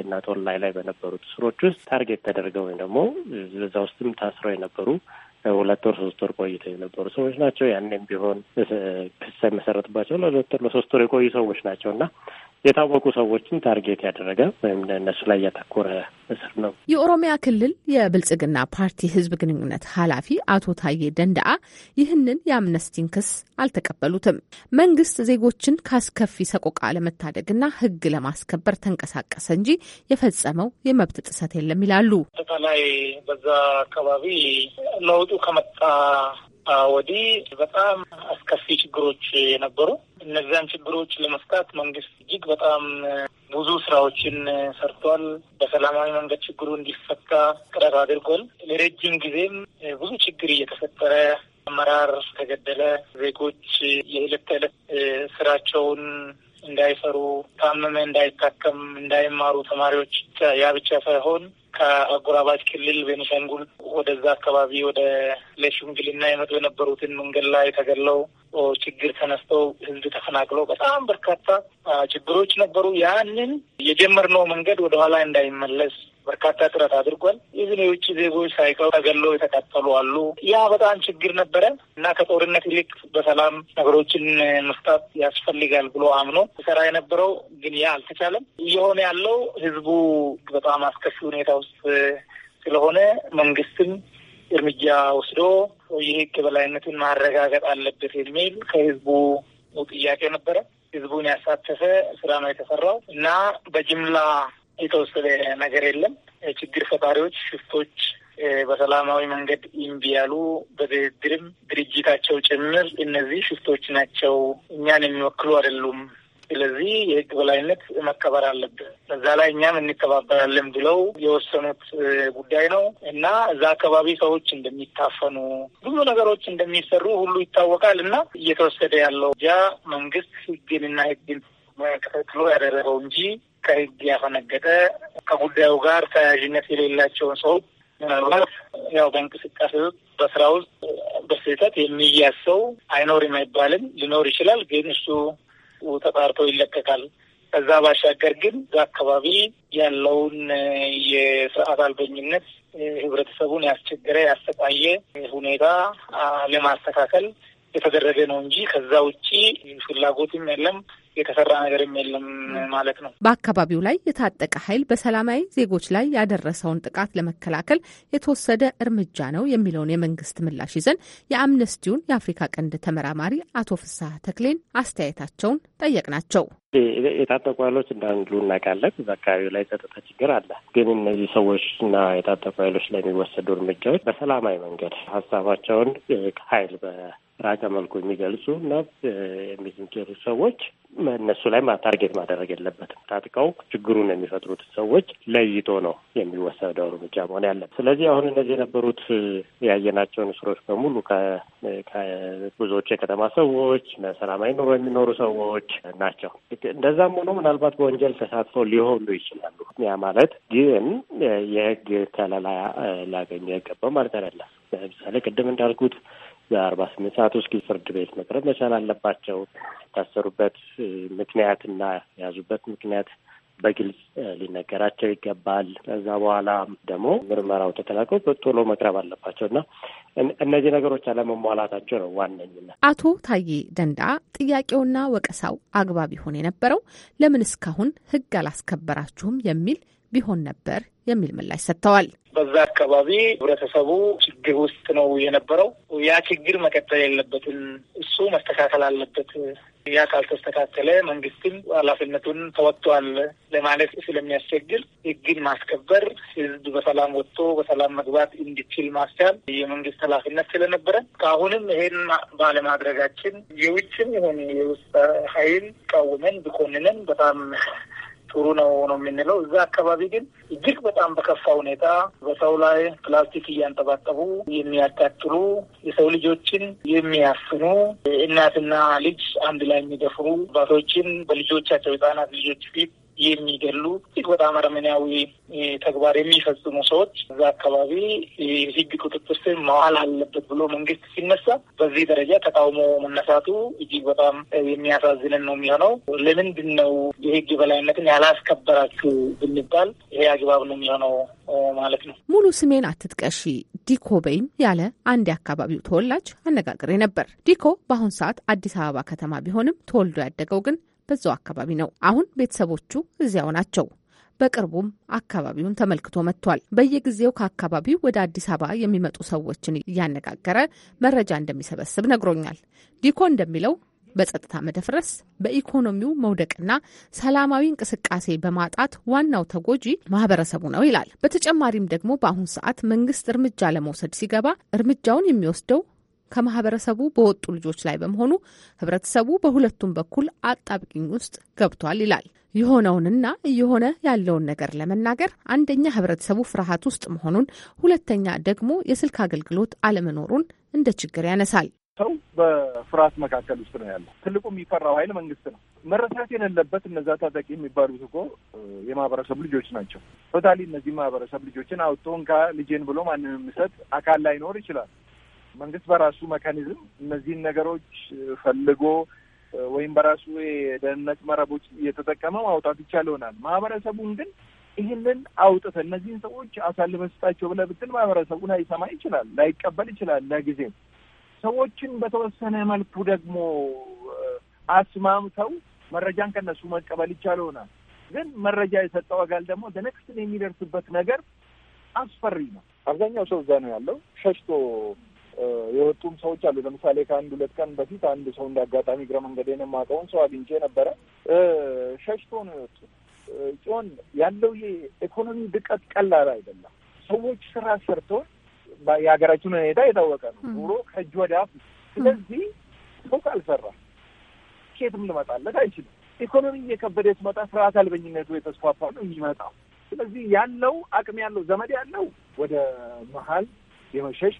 D: እና ጦላይ ላይ በነበሩት ስሮች ውስጥ ታርጌት ተደርገው ወይም ደግሞ በዛ ውስጥም ታስረው የነበሩ ሁለት ወር ሶስት ወር ቆይተው የነበሩ ሰዎች ናቸው። ያኔም ቢሆን ክስ ሳይመሰረትባቸው ለሁለት ወር ለሶስት ወር የቆዩ ሰዎች ናቸው እና የታወቁ ሰዎችን ታርጌት ያደረገ ወይም እነሱ ላይ ያተኮረ እስር ነው።
G: የኦሮሚያ ክልል የብልጽግና ፓርቲ ህዝብ ግንኙነት ኃላፊ አቶ ታዬ ደንዳአ ይህንን የአምነስቲን ክስ አልተቀበሉትም። መንግስት ዜጎችን ካስከፊ ሰቆቃ ለመታደግና ህግ ለማስከበር ተንቀሳቀሰ እንጂ የፈጸመው የመብት ጥሰት የለም ይላሉ።
E: አጠቃላይ በዛ አካባቢ ለውጡ ከመጣ ወዲህ በጣም አስከፊ ችግሮች የነበሩ እነዚያን ችግሮች ለመፍታት መንግስት እጅግ በጣም ብዙ ስራዎችን ሰርቷል። በሰላማዊ መንገድ ችግሩ እንዲፈታ ጥረት አድርጓል። ለረጅም ጊዜም ብዙ ችግር እየተፈጠረ አመራር ተገደለ፣ ዜጎች የዕለት ተዕለት ስራቸውን እንዳይሰሩ፣ ታመመ እንዳይታከም፣ እንዳይማሩ ተማሪዎች ያ ብቻ ሳይሆን ከአጎራባች ክልል ቤኒሻንጉል ወደዛ አካባቢ ወደ ለሽምግልና የመጡ የነበሩትን መንገድ ላይ ተገለው ችግር ተነስተው ህዝብ ተፈናቅለው በጣም በርካታ ችግሮች ነበሩ። ያንን የጀመርነው መንገድ ወደኋላ እንዳይመለስ በርካታ ጥረት አድርጓል። ይህን የውጭ ዜጎች ሳይቀው ተገለው የተቃጠሉ አሉ። ያ በጣም ችግር ነበረ እና ከጦርነት ይልቅ በሰላም ነገሮችን መፍታት ያስፈልጋል ብሎ አምኖ ሰራ የነበረው ግን ያ አልተቻለም። እየሆነ ያለው ህዝቡ በጣም አስከፊ ሁኔታ ውስጥ ስለሆነ መንግስትም እርምጃ ወስዶ የህግ በላይነትን ማረጋገጥ አለበት የሚል ከህዝቡ ጥያቄ ነበረ። ህዝቡን ያሳተፈ ስራ ነው የተሰራው እና በጅምላ የተወሰደ ነገር የለም። ችግር ፈጣሪዎች ሽፍቶች በሰላማዊ መንገድ እምቢ ያሉ በድርድርም ድርጅታቸው ጭምር እነዚህ ሽፍቶች ናቸው፣ እኛን የሚወክሉ አይደሉም፣ ስለዚህ የህግ በላይነት መከበር አለብን፣ በዛ ላይ እኛም እንከባበራለን ብለው የወሰኑት ጉዳይ ነው እና እዛ አካባቢ ሰዎች እንደሚታፈኑ ብዙ ነገሮች እንደሚሰሩ ሁሉ ይታወቃል እና እየተወሰደ ያለው እርምጃ መንግስት ህግንና ህግን ተከትሎ ያደረገው እንጂ ከህግ ያፈነገጠ ከጉዳዩ ጋር ተያያዥነት የሌላቸውን ሰው ምናልባት ያው በእንቅስቃሴ ውስጥ በስራ ውስጥ በስህተት የሚያዝ ሰው አይኖርም አይባልም፣ ሊኖር ይችላል። ግን እሱ ተጣርቶ ይለቀቃል። ከዛ ባሻገር ግን በአካባቢ ያለውን የስርዓት አልበኝነት ህብረተሰቡን ያስቸገረ ያሰቃየ ሁኔታ ለማስተካከል የተደረገ ነው እንጂ ከዛ ውጪ ፍላጎትም የለም የተሰራ ነገርም የለም ማለት ነው።
G: በአካባቢው ላይ የታጠቀ ኃይል በሰላማዊ ዜጎች ላይ ያደረሰውን ጥቃት ለመከላከል የተወሰደ እርምጃ ነው የሚለውን የመንግስት ምላሽ ይዘን የአምነስቲውን የአፍሪካ ቀንድ ተመራማሪ አቶ ፍስሐ ተክሌን አስተያየታቸውን ጠየቅናቸው።
D: የታጠቁ ኃይሎች እንዳንዱ እናውቃለን። እዛ አካባቢ ላይ ጸጥታ ችግር አለ። ግን እነዚህ ሰዎች እና የታጠቁ ኃይሎች ላይ የሚወሰዱ እርምጃዎች በሰላማዊ መንገድ ሀሳባቸውን ኃይል ራቀ መልኩ የሚገልጹ እና የሚዝንኬሩ ሰዎች እነሱ ላይ ታርጌት ማድረግ የለበትም። ታጥቀው ችግሩን የሚፈጥሩት ሰዎች ለይቶ ነው የሚወሰደው እርምጃ መሆን ያለበት። ስለዚህ አሁን እነዚህ የነበሩት ያየናቸውን እስሮች በሙሉ ብዙዎች የከተማ ሰዎች፣ ሰላማዊ ኑሮ የሚኖሩ ሰዎች ናቸው። እንደዛም ሆኖ ምናልባት በወንጀል ተሳትፈው ሊሆኑ ይችላሉ። ያ ማለት ግን የህግ ከለላ ሊያገኙ የገባው ማለት አይደለም። ለምሳሌ ቅድም እንዳልኩት በአርባ ስምንት ሰዓት ውስጥ ፍርድ ቤት መቅረብ መቻል አለባቸው። የታሰሩበት እና የያዙበት ምክንያት በግልጽ ሊነገራቸው ይገባል። ከዛ በኋላ ደግሞ ምርመራው ተጠናቀው ቶሎ መቅረብ አለባቸው እና እነዚህ ነገሮች አለመሟላታቸው ነው ዋነኝነት።
G: አቶ ታዬ ደንዳ ጥያቄውና ወቀሳው አግባብ ይሆን የነበረው ለምን እስካሁን ሕግ አላስከበራችሁም የሚል ቢሆን ነበር የሚል ምላሽ ሰጥተዋል።
E: በዛ አካባቢ ህብረተሰቡ ችግር ውስጥ ነው የነበረው። ያ ችግር መቀጠል የለበትም፣ እሱ መስተካከል አለበት። ያ ካልተስተካከለ መንግስትም ኃላፊነቱን ተወጥቷል ለማለት ስለሚያስቸግር ህግን ማስከበር፣ ህዝብ በሰላም ወጥቶ በሰላም መግባት እንዲችል ማስቻል የመንግስት ኃላፊነት ስለነበረ ከአሁንም ይሄን ባለማድረጋችን የውጭም ይሁን የውስጥ ኃይል ቃወመን ብኮንነን በጣም ጥሩ ነው ነው የምንለው። እዛ አካባቢ ግን እጅግ በጣም በከፋ ሁኔታ በሰው ላይ ፕላስቲክ እያንጠባጠቡ የሚያቃጥሉ የሰው ልጆችን የሚያፍኑ እናትና ልጅ አንድ ላይ የሚደፍሩ አባቶችን በልጆቻቸው ህጻናት ልጆች ፊት የሚገሉ እጅግ በጣም አረመኔያዊ ተግባር የሚፈጽሙ ሰዎች እዛ አካባቢ ህግ ቁጥጥር ስር መዋል አለበት ብሎ መንግስት ሲነሳ በዚህ ደረጃ ተቃውሞ መነሳቱ እጅግ በጣም የሚያሳዝንን ነው የሚሆነው። ለምንድን ነው የህግ በላይነትን ያላስከበራችሁ ብንባል ይሄ አግባብ ነው የሚሆነው ማለት ነው።
G: ሙሉ ስሜን አትጥቀሺ ዲኮ በይም ያለ አንድ የአካባቢው ተወላጅ አነጋግሬ ነበር። ዲኮ በአሁን ሰዓት አዲስ አበባ ከተማ ቢሆንም ተወልዶ ያደገው ግን በዛው አካባቢ ነው። አሁን ቤተሰቦቹ እዚያው ናቸው። በቅርቡም አካባቢውን ተመልክቶ መጥቷል። በየጊዜው ከአካባቢው ወደ አዲስ አበባ የሚመጡ ሰዎችን እያነጋገረ መረጃ እንደሚሰበስብ ነግሮኛል። ዲኮ እንደሚለው በጸጥታ መደፍረስ፣ በኢኮኖሚው መውደቅና ሰላማዊ እንቅስቃሴ በማጣት ዋናው ተጎጂ ማህበረሰቡ ነው ይላል። በተጨማሪም ደግሞ በአሁኑ ሰዓት መንግስት እርምጃ ለመውሰድ ሲገባ እርምጃውን የሚወስደው ከማህበረሰቡ በወጡ ልጆች ላይ በመሆኑ ህብረተሰቡ በሁለቱም በኩል አጣብቂኝ ውስጥ ገብቷል ይላል። የሆነውንና እየሆነ ያለውን ነገር ለመናገር አንደኛ ህብረተሰቡ ፍርሃት ውስጥ መሆኑን፣ ሁለተኛ ደግሞ የስልክ አገልግሎት አለመኖሩን እንደ ችግር ያነሳል።
M: ሰው በፍርሃት መካከል ውስጥ ነው ያለው። ትልቁ የሚፈራው ኃይል መንግስት ነው። መረሳት የሌለበት እነዛ ታጣቂ የሚባሉት እኮ የማህበረሰቡ ልጆች ናቸው። ቶታሊ እነዚህ ማህበረሰብ ልጆችን አውጥቶ እንካ ልጄን ብሎ ማንም የሚሰጥ አካል ላይኖር ይችላል። መንግስት በራሱ መካኒዝም እነዚህን ነገሮች ፈልጎ ወይም በራሱ የደህንነት መረቦች እየተጠቀመ ማውጣት ይቻል ይሆናል። ማህበረሰቡን ግን ይህንን አውጥተ እነዚህን ሰዎች አሳልፈህ ስጣቸው ብለህ ብትል ማህበረሰቡን ላይሰማ ይችላል፣ ላይቀበል ይችላል። ለጊዜ ሰዎችን በተወሰነ መልኩ ደግሞ አስማምተው መረጃን ከነሱ መቀበል ይቻል ይሆናል። ግን መረጃ የሰጠው አካል ደግሞ ደነክስትን የሚደርስበት ነገር አስፈሪ ነው። አብዛኛው ሰው እዛ ነው ያለው ሸሽቶ የወጡም ሰዎች አሉ። ለምሳሌ ከአንድ ሁለት ቀን በፊት አንድ ሰው እንደ አጋጣሚ እግረ መንገዴን የማውቀውን ሰው አግኝቼ ነበረ። ሸሽቶ ነው የወጡ ሲሆን ያለው የኢኮኖሚ ድቀት ቀላል አይደለም። ሰዎች ስራ ሰርቶ የሀገራችን ሁኔታ የታወቀ ነው። ኑሮ ከእጅ ወደ አፍ። ስለዚህ ሰው ካልሰራ ኬትም ልመጣለት አይችልም። ኢኮኖሚ እየከበደ ስመጣ ስርዓት አልበኝነቱ የተስፋፋ ነው የሚመጣው። ስለዚህ ያለው አቅም ያለው ዘመድ ያለው ወደ መሀል የመሸሽ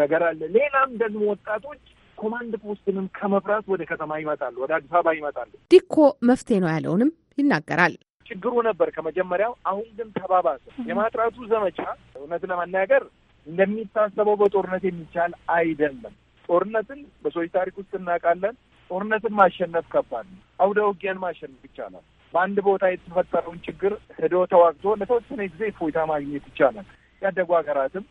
M: ነገር አለ። ሌላም ደግሞ ወጣቶች ኮማንድ ፖስትንም ከመፍራት ወደ ከተማ ይመጣሉ፣ ወደ አዲስ አበባ ይመጣሉ።
G: ዲኮ መፍትሄ ነው ያለውንም ይናገራል።
M: ችግሩ ነበር ከመጀመሪያው፣ አሁን ግን ተባባሰ። የማጥራቱ ዘመቻ እውነት ለመናገር እንደሚታሰበው በጦርነት የሚቻል አይደለም። ጦርነትን በሰዎች ታሪክ ውስጥ እናውቃለን። ጦርነትን ማሸነፍ ከባድ ነው። አውደ ውጊያን ማሸነፍ ይቻላል። በአንድ ቦታ የተፈጠረውን ችግር ሄዶ ተዋግቶ ለተወሰነ ጊዜ እፎይታ ማግኘት ይቻላል። ያደጉ ሀገራትም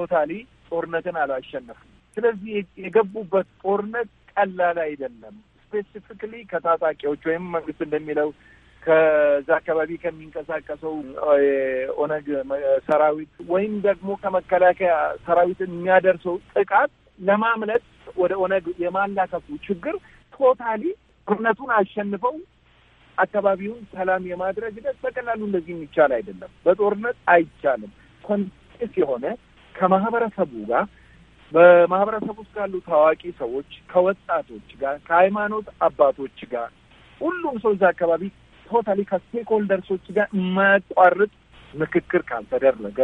M: ቶታሊ ጦርነትን አላሸነፉም። ስለዚህ የገቡበት ጦርነት ቀላል አይደለም። ስፔሲፊክሊ ከታጣቂዎች ወይም መንግስት እንደሚለው ከዛ አካባቢ ከሚንቀሳቀሰው ኦነግ ሰራዊት ወይም ደግሞ ከመከላከያ ሰራዊት የሚያደርሰው ጥቃት ለማምለጥ ወደ ኦነግ የማላከፉ ችግር ቶታሊ ጦርነቱን አሸንፈው አካባቢውን ሰላም የማድረግ ሂደት በቀላሉ እንደዚህ የሚቻል አይደለም። በጦርነት አይቻልም።
H: ኮንስ
M: የሆነ ከማህበረሰቡ ጋር በማህበረሰብ ውስጥ ካሉ ታዋቂ ሰዎች፣ ከወጣቶች ጋር፣ ከሃይማኖት አባቶች ጋር ሁሉም ሰው እዛ አካባቢ ቶታሊ ከስቴክሆልደርሶች ጋር የማያቋርጥ ምክክር ካልተደረገ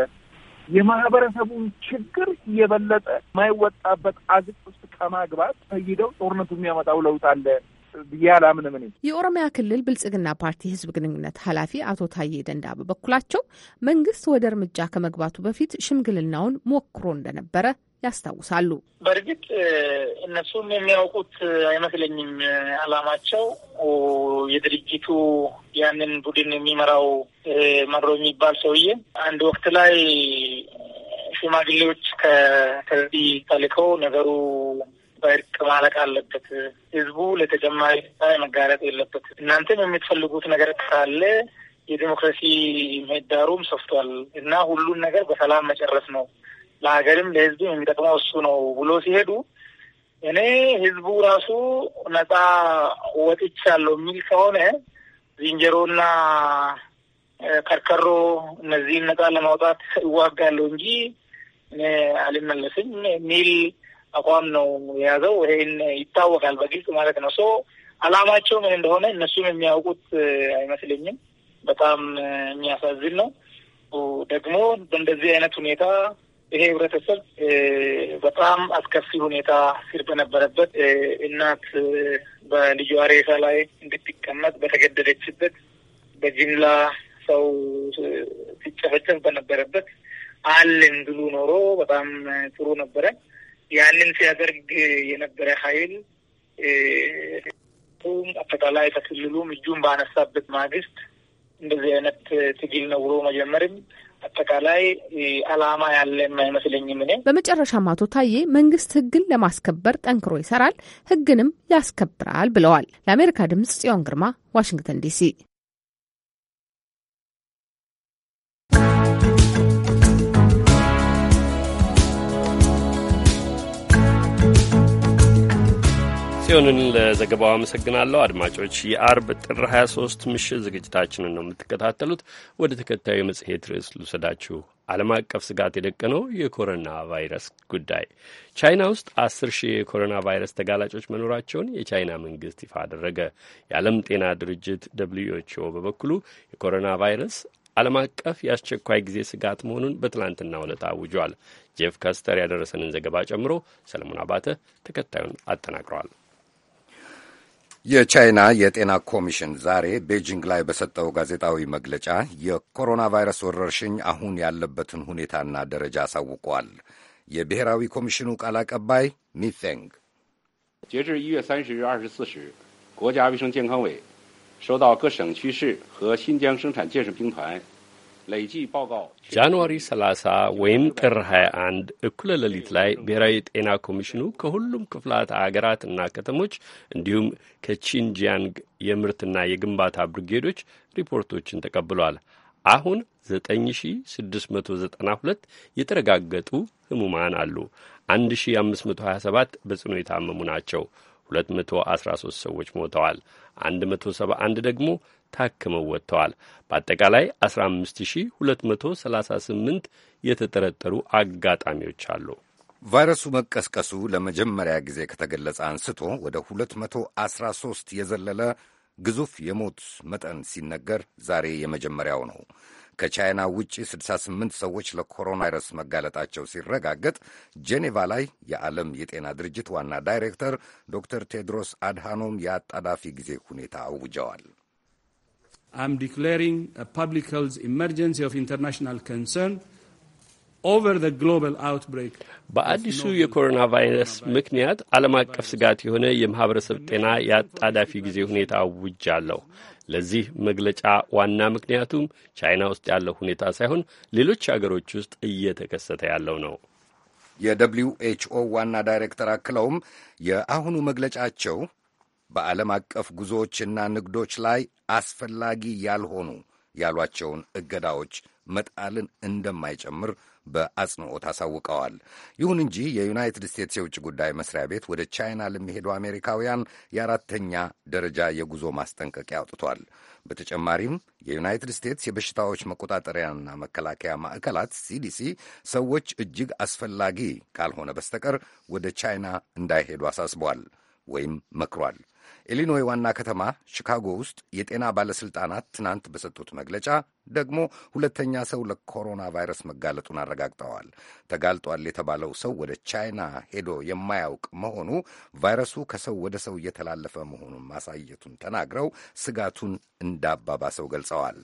M: የማህበረሰቡን ችግር የበለጠ የማይወጣበት አዝቅ ውስጥ ከማግባት ፈይደው ጦርነቱ የሚያመጣው ለውጥ አለ ብዬ አላምንም። እኔ
G: የኦሮሚያ ክልል ብልጽግና ፓርቲ ህዝብ ግንኙነት ኃላፊ አቶ ታዬ ደንዳ በበኩላቸው መንግስት ወደ እርምጃ ከመግባቱ በፊት ሽምግልናውን ሞክሮ እንደነበረ ያስታውሳሉ።
E: በእርግጥ እነሱም የሚያውቁት አይመስለኝም። አላማቸው የድርጅቱ ያንን ቡድን የሚመራው መሮ የሚባል ሰውዬ አንድ ወቅት ላይ ሽማግሌዎች ከዚህ ተልከው ነገሩ በእርቅ ማለቅ አለበት። ህዝቡ ለተጨማሪ መጋለጥ የለበት። እናንተም የምትፈልጉት ነገር ካለ የዲሞክራሲ ምህዳሩም ሰፍቷል እና ሁሉን ነገር በሰላም መጨረስ ነው ለሀገርም ለህዝብም የሚጠቅመው እሱ ነው ብሎ ሲሄዱ እኔ ህዝቡ ራሱ ነጻ ወጥቻለሁ የሚል ከሆነ ዝንጀሮና ከርከሮ እነዚህን ነጻ ለማውጣት እዋጋለሁ እንጂ እኔ አልመለስም ሚል አቋም ነው የያዘው። ይሄን ይታወቃል በግልጽ ማለት ነው። ሶ አላማቸው ምን እንደሆነ እነሱም የሚያውቁት አይመስለኝም። በጣም የሚያሳዝን ነው። ደግሞ በእንደዚህ አይነት ሁኔታ ይሄ ህብረተሰብ በጣም አስከፊ ሁኔታ ስር በነበረበት እናት በልጇ ሬሳ ላይ እንድትቀመጥ በተገደደችበት በጅምላ ሰው ሲጨፈጨፍ በነበረበት አለን ብሉ ኖሮ በጣም ጥሩ ነበረ። ያንን ሲያደርግ የነበረ ኃይል አጠቃላይ ከክልሉም እጁን ባነሳበት ማግስት እንደዚህ አይነት ትግል ነው ብሎ መጀመርም አጠቃላይ አላማ ያለን አይመስለኝም። እኔ
G: በመጨረሻም አቶ ታዬ መንግስት ህግን ለማስከበር ጠንክሮ ይሰራል፣ ህግንም ያስከብራል ብለዋል። ለአሜሪካ ድምጽ ጽዮን ግርማ ዋሽንግተን ዲሲ
A: ጽዮንን ለዘገባው አመሰግናለሁ። አድማጮች የአርብ ጥር 23 ምሽት ዝግጅታችንን ነው የምትከታተሉት። ወደ ተከታዩ መጽሔት ርዕስ ልውሰዳችሁ። ዓለም አቀፍ ስጋት የደቀነው የኮሮና ቫይረስ ጉዳይ። ቻይና ውስጥ አስር ሺህ የኮሮና ቫይረስ ተጋላጮች መኖራቸውን የቻይና መንግስት ይፋ አደረገ። የዓለም ጤና ድርጅት ደብልዩኤችኦ በበኩሉ የኮሮና ቫይረስ ዓለም አቀፍ የአስቸኳይ ጊዜ ስጋት መሆኑን በትላንትና ዕለት አውጇል። ጄፍ ከስተር ያደረሰንን ዘገባ ጨምሮ ሰለሞን አባተ ተከታዩን አጠናቅረዋል።
I: የቻይና የጤና ኮሚሽን ዛሬ ቤጂንግ ላይ በሰጠው ጋዜጣዊ መግለጫ የኮሮና ቫይረስ ወረርሽኝ አሁን ያለበትን ሁኔታና ደረጃ አሳውቋል። የብሔራዊ ኮሚሽኑ ቃል አቀባይ ሚፌንግ 截至1
A: ጃንዋሪ 30 ወይም ጥር 21 እኩለ ሌሊት ላይ ብሔራዊ የጤና ኮሚሽኑ ከሁሉም ክፍላት አገራት እና ከተሞች እንዲሁም ከቺንጂያንግ የምርትና የግንባታ ብርጌዶች ሪፖርቶችን ተቀብሏል። አሁን 9692 የተረጋገጡ ህሙማን አሉ። 1527 በጽኑ የታመሙ ናቸው። 213 ሰዎች ሞተዋል። 171 ደግሞ ታክመው ወጥተዋል። በአጠቃላይ
I: 15238 የተጠረጠሩ አጋጣሚዎች አሉ። ቫይረሱ መቀስቀሱ ለመጀመሪያ ጊዜ ከተገለጸ አንስቶ ወደ 213 የዘለለ ግዙፍ የሞት መጠን ሲነገር ዛሬ የመጀመሪያው ነው። ከቻይና ውጪ 68 ሰዎች ለኮሮና ቫይረስ መጋለጣቸው ሲረጋገጥ ጄኔቫ ላይ የዓለም የጤና ድርጅት ዋና ዳይሬክተር ዶክተር ቴድሮስ አድሃኖም የአጣዳፊ ጊዜ ሁኔታ አውጀዋል።
N: I'm declaring a public health emergency of international concern በአዲሱ
A: የኮሮና ቫይረስ ምክንያት ዓለም አቀፍ ስጋት የሆነ የማህበረሰብ ጤና የአጣዳፊ ጊዜ ሁኔታ አውጃለሁ። ለዚህ መግለጫ ዋና ምክንያቱም ቻይና ውስጥ ያለው ሁኔታ ሳይሆን ሌሎች አገሮች ውስጥ እየተከሰተ ያለው ነው። የደብሊው
I: ዋና ዳይሬክተር አክለውም የአሁኑ መግለጫቸው በዓለም አቀፍ ጉዞዎችና ንግዶች ላይ አስፈላጊ ያልሆኑ ያሏቸውን እገዳዎች መጣልን እንደማይጨምር በአጽንኦት አሳውቀዋል። ይሁን እንጂ የዩናይትድ ስቴትስ የውጭ ጉዳይ መስሪያ ቤት ወደ ቻይና ለሚሄዱ አሜሪካውያን የአራተኛ ደረጃ የጉዞ ማስጠንቀቂያ አውጥቷል። በተጨማሪም የዩናይትድ ስቴትስ የበሽታዎች መቆጣጠሪያና መከላከያ ማዕከላት ሲዲሲ ሰዎች እጅግ አስፈላጊ ካልሆነ በስተቀር ወደ ቻይና እንዳይሄዱ አሳስቧል ወይም መክሯል። ኢሊኖይ ዋና ከተማ ቺካጎ ውስጥ የጤና ባለሥልጣናት ትናንት በሰጡት መግለጫ ደግሞ ሁለተኛ ሰው ለኮሮና ቫይረስ መጋለጡን አረጋግጠዋል። ተጋልጧል የተባለው ሰው ወደ ቻይና ሄዶ የማያውቅ መሆኑ ቫይረሱ ከሰው ወደ ሰው እየተላለፈ መሆኑን ማሳየቱን ተናግረው ስጋቱን እንዳባባሰው ገልጸዋል።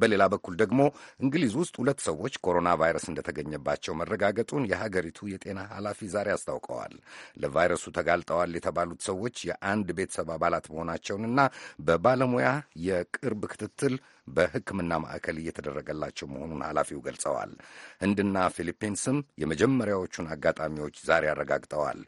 I: በሌላ በኩል ደግሞ እንግሊዝ ውስጥ ሁለት ሰዎች ኮሮና ቫይረስ እንደተገኘባቸው መረጋገጡን የሀገሪቱ የጤና ኃላፊ ዛሬ አስታውቀዋል። ለቫይረሱ ተጋልጠዋል የተባሉት ሰዎች የአንድ ቤተሰብ አባላት መሆናቸውንና በባለሙያ የቅርብ ክትትል በሕክምና ማዕከል እየተደረገላቸው መሆኑን ኃላፊው ገልጸዋል። ህንድና ፊሊፒንስም የመጀመሪያዎቹን አጋጣሚዎች ዛሬ አረጋግጠዋል።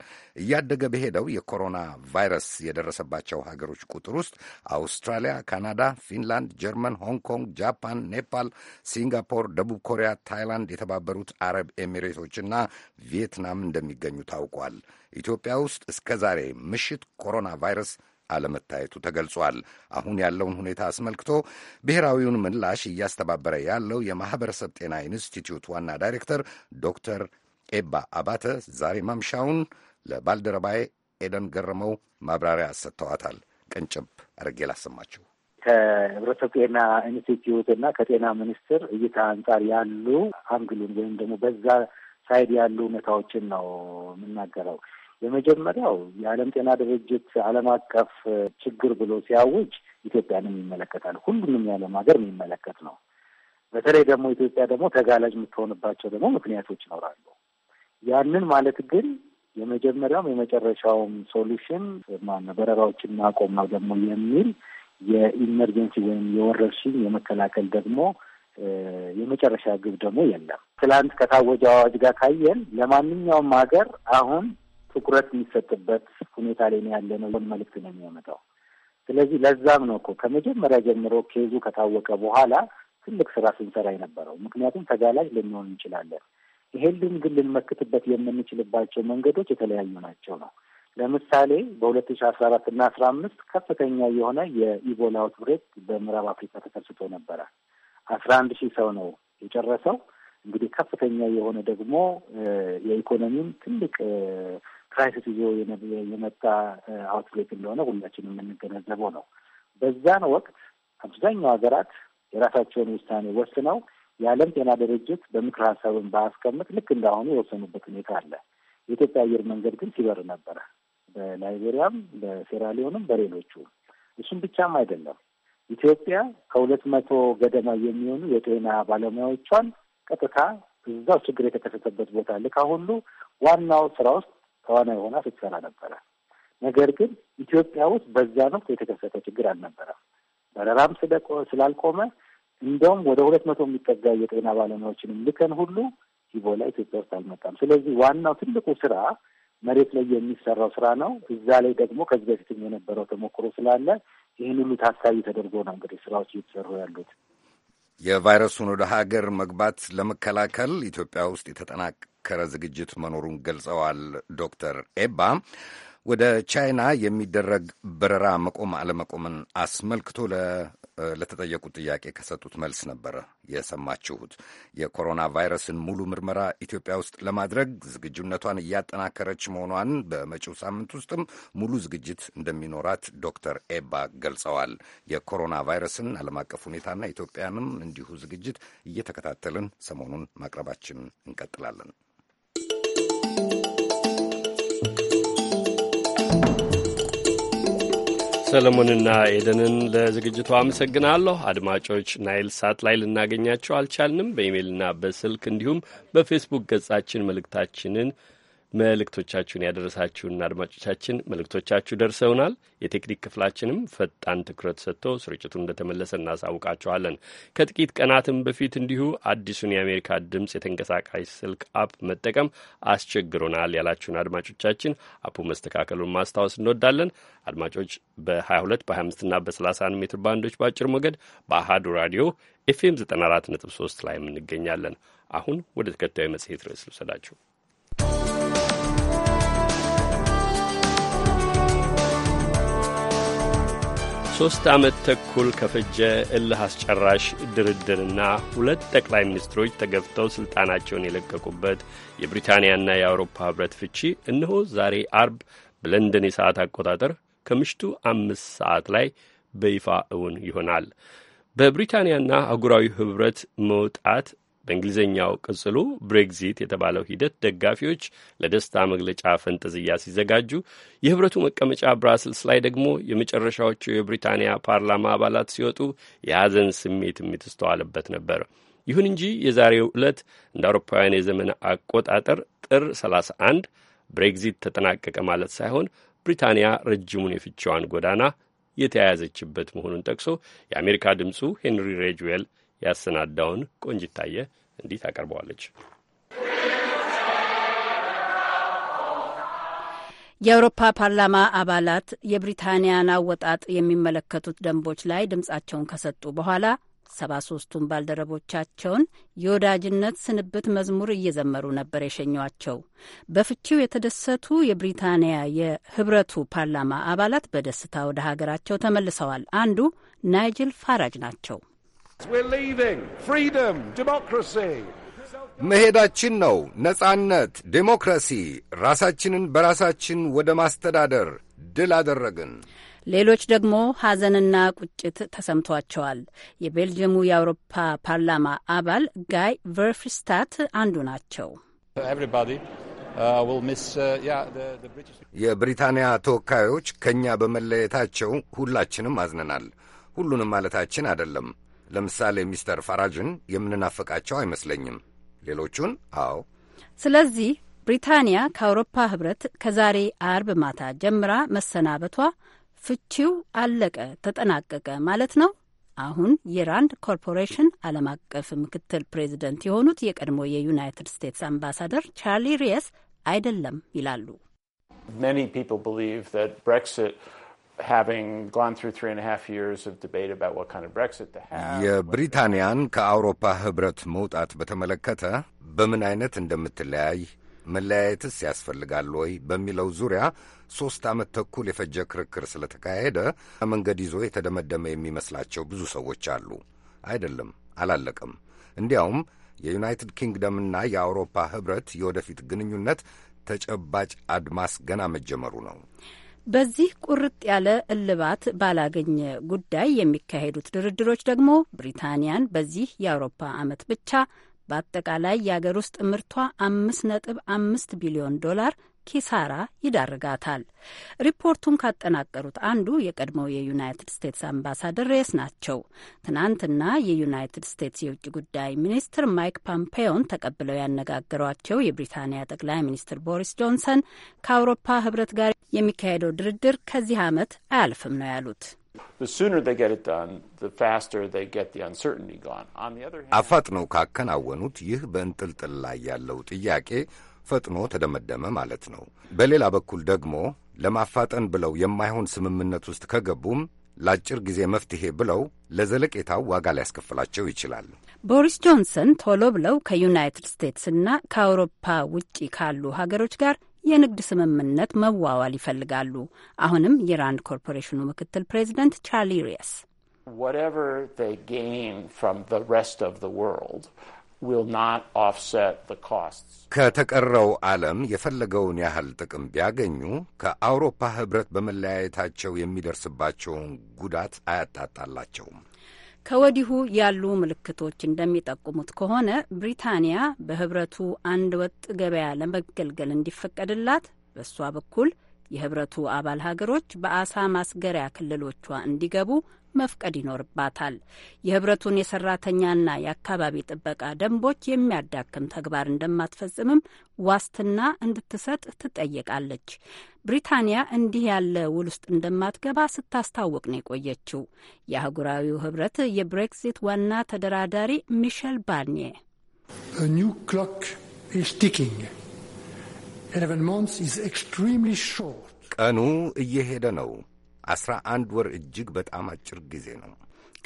I: እያደገ በሄደው የኮሮና ቫይረስ የደረሰባቸው ሀገሮች ቁጥር ውስጥ አውስትራሊያ፣ ካናዳ፣ ፊንላንድ፣ ጀርመን፣ ሆንግ ኮንግ፣ ጃፓን፣ ኔፓል፣ ሲንጋፖር፣ ደቡብ ኮሪያ፣ ታይላንድ፣ የተባበሩት አረብ ኤሚሬቶችና ቪየትናም እንደሚገኙ ታውቋል። ኢትዮጵያ ውስጥ እስከ ዛሬ ምሽት ኮሮና ቫይረስ አለመታየቱ ተገልጿል። አሁን ያለውን ሁኔታ አስመልክቶ ብሔራዊውን ምላሽ እያስተባበረ ያለው የማህበረሰብ ጤና ኢንስቲትዩት ዋና ዳይሬክተር ዶክተር ኤባ አባተ ዛሬ ማምሻውን ለባልደረባዬ ኤደን ገረመው ማብራሪያ ሰጥተዋታል። ቀንጭብ አድርጌ ላሰማችሁ።
H: ከህብረተሰብ ጤና ኢንስቲትዩት እና ከጤና ሚኒስቴር እይታ አንጻር ያሉ አንግሉን ወይም ደግሞ በዛ ሳይድ ያሉ እውነታዎችን ነው የምናገረው። የመጀመሪያው የዓለም ጤና ድርጅት ዓለም አቀፍ ችግር ብሎ ሲያውጅ ኢትዮጵያንም ይመለከታል። ሁሉንም የዓለም ሀገር የሚመለከት ነው። በተለይ ደግሞ ኢትዮጵያ ደግሞ ተጋላጭ የምትሆንባቸው ደግሞ ምክንያቶች ይኖራሉ። ያንን ማለት ግን የመጀመሪያውም የመጨረሻውም ሶሉሽን ማነው በረራዎችን ማቆም ነው ደግሞ የሚል የኢመርጀንሲ ወይም የወረርሽኝ የመከላከል ደግሞ የመጨረሻ ግብ ደግሞ የለም። ትላንት ከታወጀ አዋጅ ጋር ካየን ለማንኛውም ሀገር አሁን ትኩረት የሚሰጥበት ሁኔታ ላይ ነው ያለ ነው መልዕክት ነው የሚያመጣው። ስለዚህ ለዛም ነው እኮ ከመጀመሪያ ጀምሮ ኬዙ ከታወቀ በኋላ ትልቅ ስራ ስንሰራ የነበረው ምክንያቱም ተጋላጅ ልንሆን እንችላለን። ይሄንን ግን ልንመክትበት የምንችልባቸው መንገዶች የተለያዩ ናቸው ነው ለምሳሌ በሁለት ሺ አስራ አራት እና አስራ አምስት ከፍተኛ የሆነ የኢቦላ አውትብሬክ በምዕራብ አፍሪካ ተከስቶ ነበረ። አስራ አንድ ሺህ ሰው ነው የጨረሰው። እንግዲህ ከፍተኛ የሆነ ደግሞ የኢኮኖሚም ትልቅ ክራይሲስ ይዞ የመጣ አውትሌት እንደሆነ ሁላችን የምንገነዘበው ነው። በዛን ወቅት አብዛኛው ሀገራት የራሳቸውን ውሳኔ ወስነው የዓለም ጤና ድርጅት በምክር ሀሳብን ባያስቀምጥ ልክ እንዳሁኑ የወሰኑበት ሁኔታ አለ። የኢትዮጵያ አየር መንገድ ግን ሲበር ነበረ፣ በላይቤሪያም በሴራሊዮንም በሌሎቹ። እሱም ብቻም አይደለም ኢትዮጵያ ከሁለት መቶ ገደማ የሚሆኑ የጤና ባለሙያዎቿን ቀጥታ እዛው ችግር የተከሰተበት ቦታ ልካ ሁሉ ዋናው ስራ ውስጥ ተዋናይ ሆና ስትሰራ ነበረ። ነገር ግን ኢትዮጵያ ውስጥ በዛ ነው የተከሰተ ችግር አልነበረም። በረራም ስላልቆመ እንደውም ወደ ሁለት መቶ የሚጠጋ የጤና ባለሙያዎችንም ልከን ሁሉ ኢቦላ ኢትዮጵያ ውስጥ አልመጣም። ስለዚህ ዋናው ትልቁ ስራ መሬት ላይ የሚሰራው ስራ ነው። እዛ ላይ ደግሞ ከዚህ በፊትም የነበረው ተሞክሮ ስላለ ይህን ሁሉ ታሳቢ ተደርጎ ነው እንግዲህ ስራዎች እየተሰሩ ያሉት።
I: የቫይረሱን ወደ ሀገር መግባት ለመከላከል ኢትዮጵያ ውስጥ የተጠናቀ የተጠናከረ ዝግጅት መኖሩን ገልጸዋል። ዶክተር ኤባ ወደ ቻይና የሚደረግ በረራ መቆም አለመቆምን አስመልክቶ ለተጠየቁት ጥያቄ ከሰጡት መልስ ነበረ የሰማችሁት። የኮሮና ቫይረስን ሙሉ ምርመራ ኢትዮጵያ ውስጥ ለማድረግ ዝግጁነቷን እያጠናከረች መሆኗን በመጪው ሳምንት ውስጥም ሙሉ ዝግጅት እንደሚኖራት ዶክተር ኤባ ገልጸዋል። የኮሮና ቫይረስን ዓለም አቀፍ ሁኔታና ኢትዮጵያንም እንዲሁ ዝግጅት እየተከታተልን ሰሞኑን ማቅረባችን እንቀጥላለን። ሰለሞንና
A: ኤደንን ለዝግጅቱ አመሰግናለሁ። አድማጮች ናይል ሳት ላይ ልናገኛቸው አልቻልንም። በኢሜይልና በስልክ እንዲሁም በፌስቡክ ገጻችን መልእክታችንን መልእክቶቻችሁን ያደረሳችሁን አድማጮቻችን መልእክቶቻችሁ ደርሰውናል። የቴክኒክ ክፍላችንም ፈጣን ትኩረት ሰጥቶ ስርጭቱን እንደተመለሰ እናሳውቃችኋለን። ከጥቂት ቀናትም በፊት እንዲሁ አዲሱን የአሜሪካ ድምፅ የተንቀሳቃሽ ስልክ አፕ መጠቀም አስቸግሮናል ያላችሁን አድማጮቻችን አፑ መስተካከሉን ማስታወስ እንወዳለን። አድማጮች በ22 በ25ና በ31 ሜትር ባንዶች በአጭር ሞገድ በአሃዱ ራዲዮ ኤፍኤም 94.3 ላይ እንገኛለን። አሁን ወደ ተከታዩ መጽሔት ርዕስ ልውሰዳችሁ። ሦስት ዓመት ተኩል ከፈጀ እልህ አስጨራሽ ድርድርና ሁለት ጠቅላይ ሚኒስትሮች ተገፍተው ሥልጣናቸውን የለቀቁበት የብሪታንያና የአውሮፓ ኅብረት ፍቺ እነሆ ዛሬ አርብ በለንደን የሰዓት አቆጣጠር ከምሽቱ አምስት ሰዓት ላይ በይፋ እውን ይሆናል። በብሪታንያና አህጉራዊ ኅብረት መውጣት በእንግሊዝኛው ቅጽሉ ብሬግዚት የተባለው ሂደት ደጋፊዎች ለደስታ መግለጫ ፈንጠዝያ ሲዘጋጁ፣ የህብረቱ መቀመጫ ብራስልስ ላይ ደግሞ የመጨረሻዎቹ የብሪታንያ ፓርላማ አባላት ሲወጡ የሐዘን ስሜት የተስተዋለበት ነበር። ይሁን እንጂ የዛሬው ዕለት እንደ አውሮፓውያን የዘመን አቆጣጠር ጥር 31 ብሬግዚት ተጠናቀቀ ማለት ሳይሆን ብሪታንያ ረጅሙን የፍቻዋን ጎዳና የተያያዘችበት መሆኑን ጠቅሶ የአሜሪካ ድምፁ ሄንሪ ሬጅዌል ያሰናዳውን ቆንጅታየ እንዲህ ታቀርበዋለች።
J: የአውሮፓ ፓርላማ አባላት የብሪታንያን አወጣጥ የሚመለከቱት ደንቦች ላይ ድምጻቸውን ከሰጡ በኋላ ሰባ ሶስቱን ባልደረቦቻቸውን የወዳጅነት ስንብት መዝሙር እየዘመሩ ነበር የሸኟቸው። በፍቺው የተደሰቱ የብሪታንያ የህብረቱ ፓርላማ አባላት በደስታ ወደ ሀገራቸው ተመልሰዋል። አንዱ ናይጅል ፋራጅ ናቸው።
I: መሄዳችን ነው። ነጻነት፣ ዴሞክራሲ፣ ራሳችንን በራሳችን ወደ ማስተዳደር ድል አደረግን። ሌሎች ደግሞ
J: ሐዘንና ቁጭት ተሰምቷቸዋል። የቤልጅየሙ የአውሮፓ ፓርላማ አባል ጋይ ቨርፍስታት አንዱ ናቸው።
M: uh, uh,
I: የብሪታንያ ተወካዮች ከእኛ በመለየታቸው ሁላችንም አዝነናል። ሁሉንም ማለታችን አይደለም። ለምሳሌ ሚስተር ፋራጅን የምንናፍቃቸው አይመስለኝም። ሌሎቹን አዎ።
J: ስለዚህ ብሪታንያ ከአውሮፓ ህብረት ከዛሬ አርብ ማታ ጀምራ መሰናበቷ ፍቺው አለቀ፣ ተጠናቀቀ ማለት ነው። አሁን የራንድ ኮርፖሬሽን ዓለም አቀፍ ምክትል ፕሬዚደንት የሆኑት የቀድሞ የዩናይትድ ስቴትስ አምባሳደር ቻርሊ ሪየስ አይደለም
A: ይላሉ።
I: የብሪታንያን ከአውሮፓ ህብረት መውጣት በተመለከተ በምን አይነት እንደምትለያይ መለያየትስ ያስፈልጋል ወይ በሚለው ዙሪያ ሦስት ዓመት ተኩል የፈጀ ክርክር ስለተካሄደ መንገድ ይዞ የተደመደመ የሚመስላቸው ብዙ ሰዎች አሉ። አይደለም፣ አላለቀም። እንዲያውም የዩናይትድ ኪንግደምና የአውሮፓ ህብረት የወደፊት ግንኙነት ተጨባጭ አድማስ ገና መጀመሩ ነው።
J: በዚህ ቁርጥ ያለ እልባት ባላገኘ ጉዳይ የሚካሄዱት ድርድሮች ደግሞ ብሪታንያን በዚህ የአውሮፓ ዓመት ብቻ በአጠቃላይ የአገር ውስጥ ምርቷ አምስት ነጥብ አምስት ቢሊዮን ዶላር ኪሳራ ይዳርጋታል። ሪፖርቱን ካጠናቀሩት አንዱ የቀድሞው የዩናይትድ ስቴትስ አምባሳደር ሬስ ናቸው። ትናንትና የዩናይትድ ስቴትስ የውጭ ጉዳይ ሚኒስትር ማይክ ፖምፔዮን ተቀብለው ያነጋገሯቸው የብሪታንያ ጠቅላይ ሚኒስትር ቦሪስ ጆንሰን ከአውሮፓ ሕብረት ጋር የሚካሄደው ድርድር ከዚህ ዓመት አያልፍም ነው ያሉት።
I: አፋጥነው ካከናወኑት ይህ በእንጥልጥል ላይ ያለው ጥያቄ ፈጥኖ ተደመደመ ማለት ነው። በሌላ በኩል ደግሞ ለማፋጠን ብለው የማይሆን ስምምነት ውስጥ ከገቡም ለአጭር ጊዜ መፍትሄ ብለው ለዘለቄታው ዋጋ ሊያስከፍላቸው ይችላል።
J: ቦሪስ ጆንሰን ቶሎ ብለው ከዩናይትድ ስቴትስና ከአውሮፓ ውጪ ካሉ ሀገሮች ጋር የንግድ ስምምነት መዋዋል ይፈልጋሉ። አሁንም የራንድ ኮርፖሬሽኑ ምክትል ፕሬዚደንት
A: ቻርሊ ሪየስ
I: ከተቀረው ዓለም የፈለገውን ያህል ጥቅም ቢያገኙ ከአውሮፓ ኅብረት በመለያየታቸው የሚደርስባቸውን ጉዳት አያጣጣላቸውም።
J: ከወዲሁ ያሉ ምልክቶች እንደሚጠቁሙት ከሆነ ብሪታንያ በኅብረቱ አንድ ወጥ ገበያ ለመገልገል እንዲፈቀድላት በእሷ በኩል የህብረቱ አባል ሀገሮች በአሳ ማስገሪያ ክልሎቿ እንዲገቡ መፍቀድ ይኖርባታል። የህብረቱን የሰራተኛና የአካባቢ ጥበቃ ደንቦች የሚያዳክም ተግባር እንደማትፈጽምም ዋስትና እንድትሰጥ ትጠየቃለች። ብሪታንያ እንዲህ ያለ ውል ውስጥ እንደማትገባ ስታስታውቅ ነው የቆየችው። የአህጉራዊው ህብረት የብሬክዚት ዋና ተደራዳሪ ሚሸል
K: ባርኒዬ
I: ቀኑ እየሄደ ነው። አስራ አንድ ወር እጅግ በጣም አጭር ጊዜ ነው።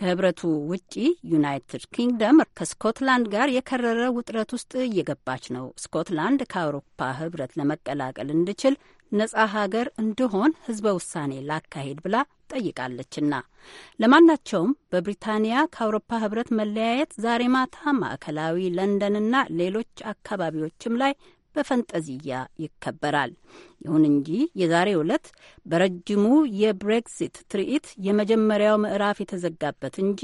J: ከህብረቱ ውጪ ዩናይትድ ኪንግደም ከስኮትላንድ ጋር የከረረ ውጥረት ውስጥ እየገባች ነው። ስኮትላንድ ከአውሮፓ ህብረት ለመቀላቀል እንድችል ነጻ ሀገር እንድሆን ህዝበ ውሳኔ ላካሄድ ብላ ጠይቃለችና ለማናቸውም በብሪታንያ ከአውሮፓ ህብረት መለያየት ዛሬ ማታ ማዕከላዊ ለንደንና ሌሎች አካባቢዎችም ላይ በፈንጠዝያ ይከበራል። ይሁን እንጂ የዛሬው ዕለት በረጅሙ የብሬክዚት ትርኢት የመጀመሪያው ምዕራፍ የተዘጋበት እንጂ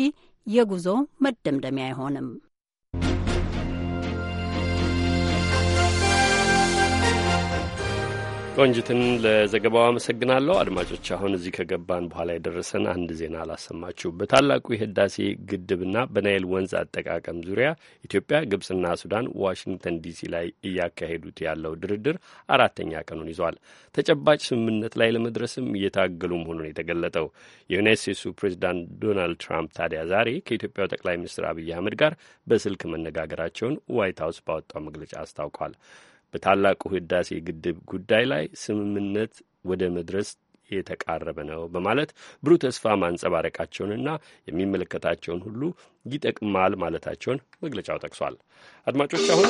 J: የጉዞ መደምደሚያ አይሆንም።
A: ቆንጅትን ለዘገባው አመሰግናለሁ። አድማጮች አሁን እዚህ ከገባን በኋላ የደረሰን አንድ ዜና አላሰማችሁ። በታላቁ የህዳሴ ግድብና በናይል ወንዝ አጠቃቀም ዙሪያ ኢትዮጵያ፣ ግብጽና ሱዳን ዋሽንግተን ዲሲ ላይ እያካሄዱት ያለው ድርድር አራተኛ ቀኑን ይዟል። ተጨባጭ ስምምነት ላይ ለመድረስም እየታገሉ መሆኑን የተገለጠው የዩናይት ስቴትሱ ፕሬዚዳንት ዶናልድ ትራምፕ ታዲያ ዛሬ ከኢትዮጵያው ጠቅላይ ሚኒስትር አብይ አህመድ ጋር በስልክ መነጋገራቸውን ዋይት ሀውስ ባወጣው መግለጫ አስታውቋል። በታላቁ ህዳሴ ግድብ ጉዳይ ላይ ስምምነት ወደ መድረስ የተቃረበ ነው በማለት ብሩህ ተስፋ ማንጸባረቃቸውንና የሚመለከታቸውን ሁሉ ይጠቅማል ማለታቸውን መግለጫው ጠቅሷል። አድማጮች አሁን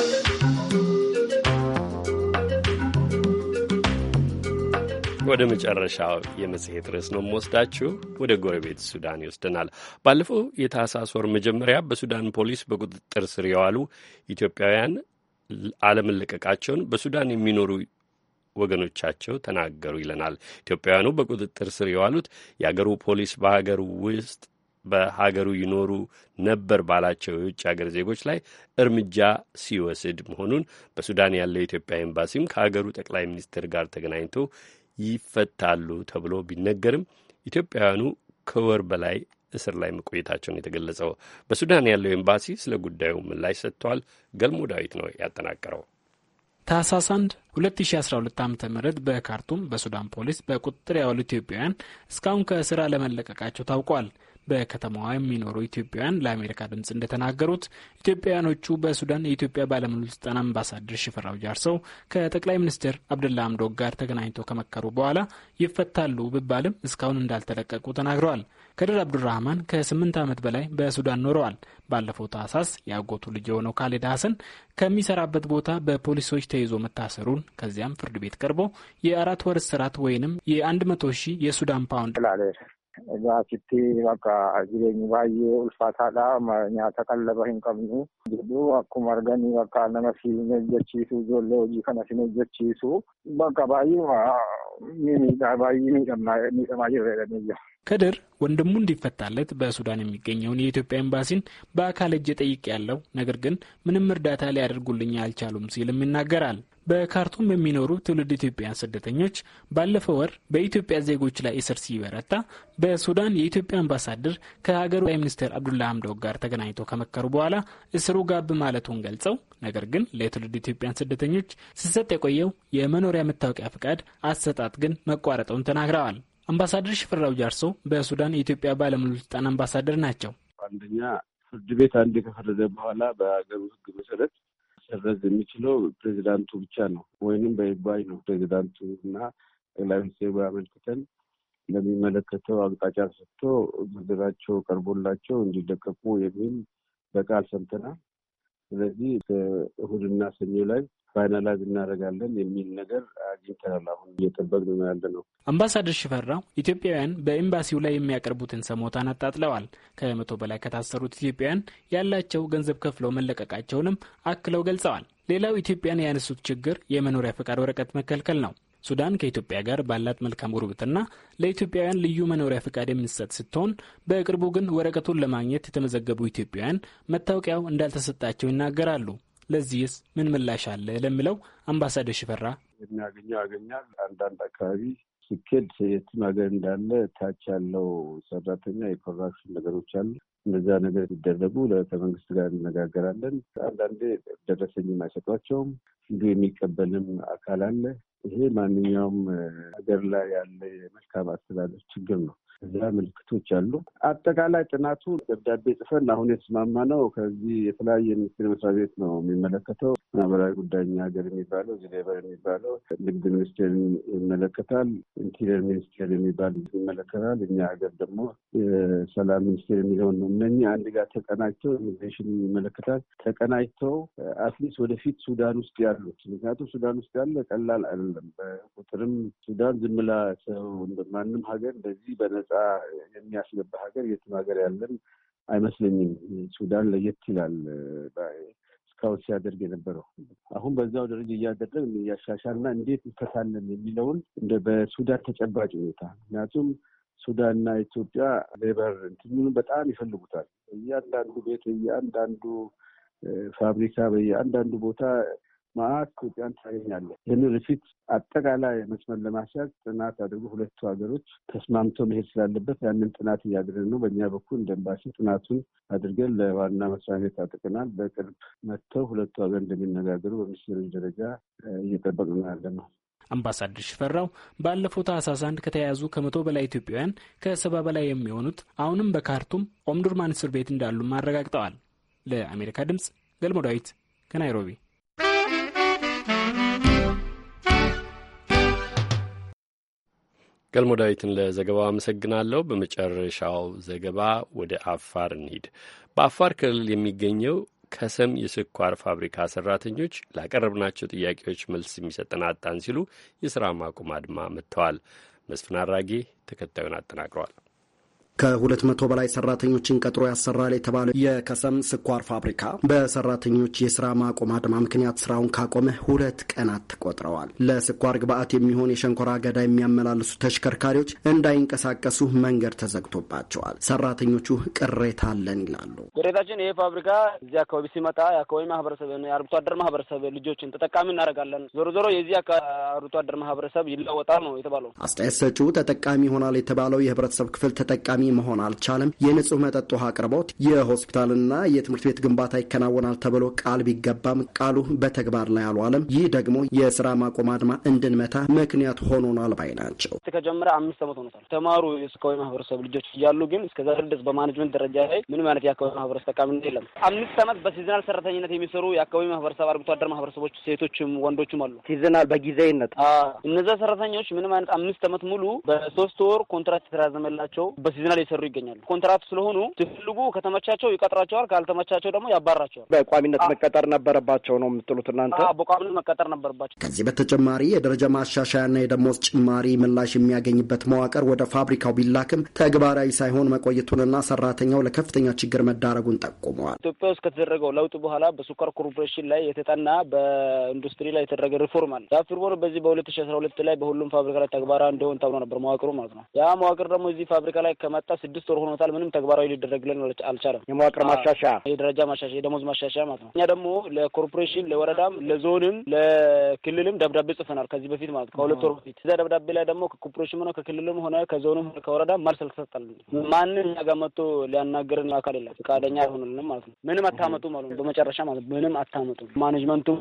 A: ወደ መጨረሻው የመጽሔት ርዕስ ነው የምወስዳችሁ። ወደ ጎረቤት ሱዳን ይወስደናል። ባለፈው የታህሳስ ወር መጀመሪያ በሱዳን ፖሊስ በቁጥጥር ስር የዋሉ ኢትዮጵያውያን አለመለቀቃቸውን በሱዳን የሚኖሩ ወገኖቻቸው ተናገሩ ይለናል። ኢትዮጵያውያኑ በቁጥጥር ስር የዋሉት የአገሩ ፖሊስ በሀገሩ ውስጥ በሀገሩ ይኖሩ ነበር ባላቸው የውጭ ሀገር ዜጎች ላይ እርምጃ ሲወስድ መሆኑን በሱዳን ያለው የኢትዮጵያ ኤምባሲም ከሀገሩ ጠቅላይ ሚኒስትር ጋር ተገናኝቶ ይፈታሉ ተብሎ ቢነገርም ኢትዮጵያውያኑ ከወር በላይ እስር ላይ መቆየታቸውን የተገለጸው። በሱዳን ያለው ኤምባሲ ስለ ጉዳዩ ምላሽ ሰጥቷል። ገልሞ ዳዊት ነው ያጠናቀረው።
O: ታህሳስ 1 2012 ዓ ም በካርቱም በሱዳን ፖሊስ በቁጥጥር ያዋሉ ኢትዮጵያውያን እስካሁን ከእስር አለመለቀቃቸው ታውቋል። በከተማዋ የሚኖሩ ኢትዮጵያውያን ለአሜሪካ ድምፅ እንደተናገሩት ኢትዮጵያውያኖቹ በሱዳን የኢትዮጵያ ባለሙሉ ስልጣን አምባሳደር ሽፈራው ጃርሰው ከጠቅላይ ሚኒስትር አብደላ አምዶግ ጋር ተገናኝተው ከመከሩ በኋላ ይፈታሉ ብባልም እስካሁን እንዳልተለቀቁ ተናግረዋል። ከድር አብዱራህማን ከስምንት ዓመት በላይ በሱዳን ኖረዋል። ባለፈው ታህሳስ የአጎቱ ልጅ የሆነው ካሌድ ሀሰን ከሚሰራበት ቦታ በፖሊሶች ተይዞ መታሰሩን ከዚያም ፍርድ ቤት ቀርቦ የአራት ወር እስራት ወይንም የአንድ መቶ ሺህ የሱዳን ፓውንድ Gaasitti
H: bakka jireenyi baay'ee ulfaataadha. Nyaata qallaba hin qabnu jedhu akkuma arganii bakka nama si hin hojjechiisu ijoollee hojii kana si hin hojjechiisu bakka baay'ee ባይ ሚቀማ ይረዳ
O: ከድር ወንድሙ እንዲፈታለት በሱዳን የሚገኘውን የኢትዮጵያ ኤምባሲን በአካል እጅ ጠይቅ ያለው ነገር ግን ምንም እርዳታ ሊያደርጉልኝ አልቻሉም ሲልም ይናገራል። በካርቱም የሚኖሩ ትውልድ ኢትዮጵያውያን ስደተኞች ባለፈው ወር በኢትዮጵያ ዜጎች ላይ እስር ሲበረታ በሱዳን የኢትዮጵያ አምባሳደር ከሀገሩ ጠቅላይ ሚኒስትር አብዱላ ሀምዶክ ጋር ተገናኝቶ ከመከሩ በኋላ እስሩ ጋብ ማለቱን ገልጸው ነገር ግን ለትውልድ ኢትዮጵያውያን ስደተኞች ሲሰጥ የቆየው የመኖሪያ መታወቂያ ፍቃድ አሰጣጥ ግን መቋረጠውን ተናግረዋል። አምባሳደር ሽፈራው ጃርሶ በሱዳን የኢትዮጵያ ባለሙሉ ስልጣን አምባሳደር ናቸው።
P: አንደኛ ፍርድ ቤት አንድ ከፈረደ በኋላ በሀገሩ ህግ መሰረት ሊሰረዝ የሚችለው ፕሬዚዳንቱ ብቻ ነው ወይንም በይግባኝ ነው። ፕሬዚዳንቱ እና ጠቅላይ ሚኒስትሩ አመልክተን ለሚመለከተው አቅጣጫ ሰጥቶ ዝርዝራቸው ቀርቦላቸው እንዲለቀቁ የሚል በቃል ሰምተናል። ስለዚህ እሁድና ሰኞ ላይ ፋይናላይዝ እናደርጋለን የሚል ነገር አግኝተናል። አሁን እየጠበቅን ነው ያለ ነው።
O: አምባሳደር ሽፈራው ኢትዮጵያውያን በኤምባሲው ላይ የሚያቀርቡትን ሰሞታን አጣጥለዋል። ከመቶ በላይ ከታሰሩት ኢትዮጵያውያን ያላቸው ገንዘብ ከፍለው መለቀቃቸውንም አክለው ገልጸዋል። ሌላው ኢትዮጵያን ያነሱት ችግር የመኖሪያ ፈቃድ ወረቀት መከልከል ነው። ሱዳን ከኢትዮጵያ ጋር ባላት መልካም ጉርብትና ለኢትዮጵያውያን ልዩ መኖሪያ ፈቃድ የምትሰጥ ስትሆን በቅርቡ ግን ወረቀቱን ለማግኘት የተመዘገቡ ኢትዮጵያውያን መታወቂያው እንዳልተሰጣቸው ይናገራሉ። ለዚህስ ምን ምላሽ አለ ለሚለው አምባሳደር ሽፈራ
P: የሚያገኘው ያገኛል። አንዳንድ አካባቢ ሲኬድ የትም ሀገር እንዳለ ታች ያለው ሰራተኛ የኮራፕሽን ነገሮች አሉ። እነዛ ነገር ሲደረጉ ከመንግስት ጋር እነጋገራለን። አንዳንዴ ደረሰኝም አይሰጧቸውም። እንዲሁ የሚቀበልም አካል አለ። ይሄ ማንኛውም ሀገር ላይ ያለ የመልካም አስተዳደር ችግር ነው። እዛ ምልክቶች አሉ። አጠቃላይ ጥናቱ ደብዳቤ ጽፈን አሁን የተስማማ ነው። ከዚህ የተለያየ ሚኒስቴር መስሪያ ቤት ነው የሚመለከተው። ማህበራዊ ጉዳይ ሀገር የሚባለው እዚህ ሌበር የሚባለው ንግድ ሚኒስቴር ይመለከታል። ኢንቴሪየር ሚኒስቴር የሚባል ይመለከታል። እኛ ሀገር ደግሞ የሰላም ሚኒስቴር የሚለውን ነው። እነኚህ አንድ ጋር ተቀናጅተው ኢሚግሬሽን ይመለከታል። ተቀናጅተው አትሊስት ወደፊት ሱዳን ውስጥ ያሉት ምክንያቱም ሱዳን ውስጥ ያለ ቀላል አይደለም። በቁጥርም ሱዳን ዝምላ ሰው ማንም ሀገር እንደዚህ በነ ነጻ የሚያስገባ ሀገር የትም ሀገር ያለን አይመስለኝም። ሱዳን ለየት ይላል እስካሁን ሲያደርግ የነበረው አሁን በዛው ደረጃ እያደረግን እያሻሻልና እንዴት ይፈታለን የሚለውን እንደ በሱዳን ተጨባጭ ሁኔታ ምክንያቱም ሱዳንና ኢትዮጵያ ሌበር እንትኑን በጣም ይፈልጉታል። በየአንዳንዱ ቤት፣ በየአንዳንዱ ፋብሪካ፣ በየአንዳንዱ ቦታ ማት ኢትዮጵያን ታገኛለህ። ይህንን ሪፊት አጠቃላይ መስመር ለማስያዝ ጥናት አድርጎ ሁለቱ ሀገሮች ተስማምቶ መሄድ ስላለበት ያንን ጥናት እያደረግን ነው። በእኛ በኩል እንደ ኤምባሲ ጥናቱን አድርገን ለዋና መስሪያ ቤት አጥቅናል። በቅርብ መጥተው ሁለቱ ሀገር እንደሚነጋገሩ በሚኒስትሮች ደረጃ እየጠበቅን ነው ያለ ነው።
O: አምባሳደር ሽፈራው ባለፈው ታህሳስ አንድ ከተያያዙ ከመቶ በላይ ኢትዮጵያውያን ከሰባ በላይ የሚሆኑት አሁንም በካርቱም ኦምዱርማን እስር ቤት እንዳሉም አረጋግጠዋል። ለአሜሪካ ድምጽ ገልሞ ዳዊት ከናይሮቢ
A: ገልሞ ዳዊትን ለዘገባው አመሰግናለሁ። በመጨረሻው ዘገባ ወደ አፋር እንሂድ። በአፋር ክልል የሚገኘው ከሰም የስኳር ፋብሪካ ሰራተኞች ላቀረብናቸው ጥያቄዎች መልስ የሚሰጠን አጣን ሲሉ የሥራ ማቆም አድማ መጥተዋል። መስፍን አራጌ ተከታዩን አጠናቅረዋል።
Q: ከሁለት መቶ በላይ ሰራተኞችን ቀጥሮ ያሰራል የተባለው የከሰም ስኳር ፋብሪካ በሰራተኞች የስራ ማቆም አድማ ምክንያት ስራውን ካቆመ ሁለት ቀናት ተቆጥረዋል። ለስኳር ግብአት የሚሆን የሸንኮራ አገዳ የሚያመላልሱ ተሽከርካሪዎች እንዳይንቀሳቀሱ መንገድ ተዘግቶባቸዋል። ሰራተኞቹ ቅሬታ አለን ይላሉ።
R: ቅሬታችን ይሄ ፋብሪካ እዚህ አካባቢ ሲመጣ የአካባቢ ማህበረሰብ የአርብቶ አደር ማህበረሰብ ልጆችን ተጠቃሚ እናደርጋለን። ዞሮ ዞሮ የዚህ አርብቶ አደር ማህበረሰብ ይለወጣል ነው የተባለው።
Q: አስተያየት ሰጪው ተጠቃሚ ይሆናል የተባለው የህብረተሰብ ክፍል ተጠቃሚ መሆን አልቻለም። የንጹህ መጠጥ ውሃ አቅርቦት፣ የሆስፒታልና የትምህርት ቤት ግንባታ ይከናወናል ተብሎ ቃል ቢገባም ቃሉ በተግባር ላይ አልዋለም። ይህ ደግሞ የስራ ማቆም አድማ እንድንመታ ምክንያት ሆኖናል ባይ ናቸው።
R: ከጀመረ አምስት ዓመት ሆኖታል። ተማሩ የስካዊ ማህበረሰብ ልጆች እያሉ ግን እስከዛ ድረስ በማኔጅመንት ደረጃ ላይ ምንም አይነት የአካባቢ ማህበረሰብ ጠቃሚነት የለም። አምስት ዓመት በሲዝናል ሰራተኝነት የሚሰሩ የአካባቢ ማህበረሰብ አርብቶ አደር ማህበረሰቦች ሴቶችም ወንዶችም አሉ።
L: ሲዝናል በጊዜነት
R: እነዛ ሰራተኞች ምንም አይነት አምስት ዓመት ሙሉ በሶስት ወር ኮንትራት የተራዘመላቸው በሲዝናል የሰሩ ይገኛሉ። ኮንትራት ስለሆኑ ሲፈልጉ ከተመቻቸው ይቀጥራቸዋል፣ ካልተመቻቸው ደግሞ ያባራቸዋል።
Q: በቋሚነት መቀጠር ነበረባቸው ነው የምትሉት እናንተ? በቋሚነት መቀጠር ነበረባቸው። ከዚህ በተጨማሪ የደረጃ ማሻሻያና የደሞዝ ጭማሪ ምላሽ የሚያገኝበት መዋቅር ወደ ፋብሪካው ቢላክም ተግባራዊ ሳይሆን መቆየቱንና ሰራተኛው ለከፍተኛ ችግር መዳረጉን ጠቁመዋል።
R: ኢትዮጵያ ውስጥ ከተደረገው ለውጥ በኋላ በሱካር ኮርፖሬሽን ላይ የተጠና በኢንዱስትሪ ላይ የተደረገ ሪፎርም አለ። ያ ሪፎርም በዚህ በሁለት ሺ አስራ ሁለት ላይ በሁሉም ፋብሪካ ላይ ተግባራዊ እንዲሆን ተብሎ ነበር መዋቅሩ ማለት ነው። ያ መዋቅር ደግሞ እዚህ ፋብሪካ ላይ ከመ ከመጣ ስድስት ወር ሆኖታል። ምንም ተግባራዊ ሊደረግልን አልቻለም። የመዋቅር ማሻሻያ፣ የደረጃ ማሻሻያ፣ የደሞዝ ማሻሻያ ማለት ነው። እኛ ደግሞ ለኮርፖሬሽን፣ ለወረዳም፣ ለዞንም፣ ለክልልም ደብዳቤ ጽፈናል ከዚህ በፊት ማለት ከሁለት ወር በፊት። እዛ ደብዳቤ ላይ ደግሞ ከኮርፖሬሽን ሆነ ከክልልም ሆነ ከዞንም ሆነ ከወረዳም መልስ አልተሰጠልን። ማንም እኛ ጋር መጥቶ ሊያናገርን አካል የለም። ፈቃደኛ አልሆንልንም ማለት ነው። ምንም አታመጡ ማለት ነው። በመጨረሻ ማለት ምንም አታመጡ ማኔጅመንቱም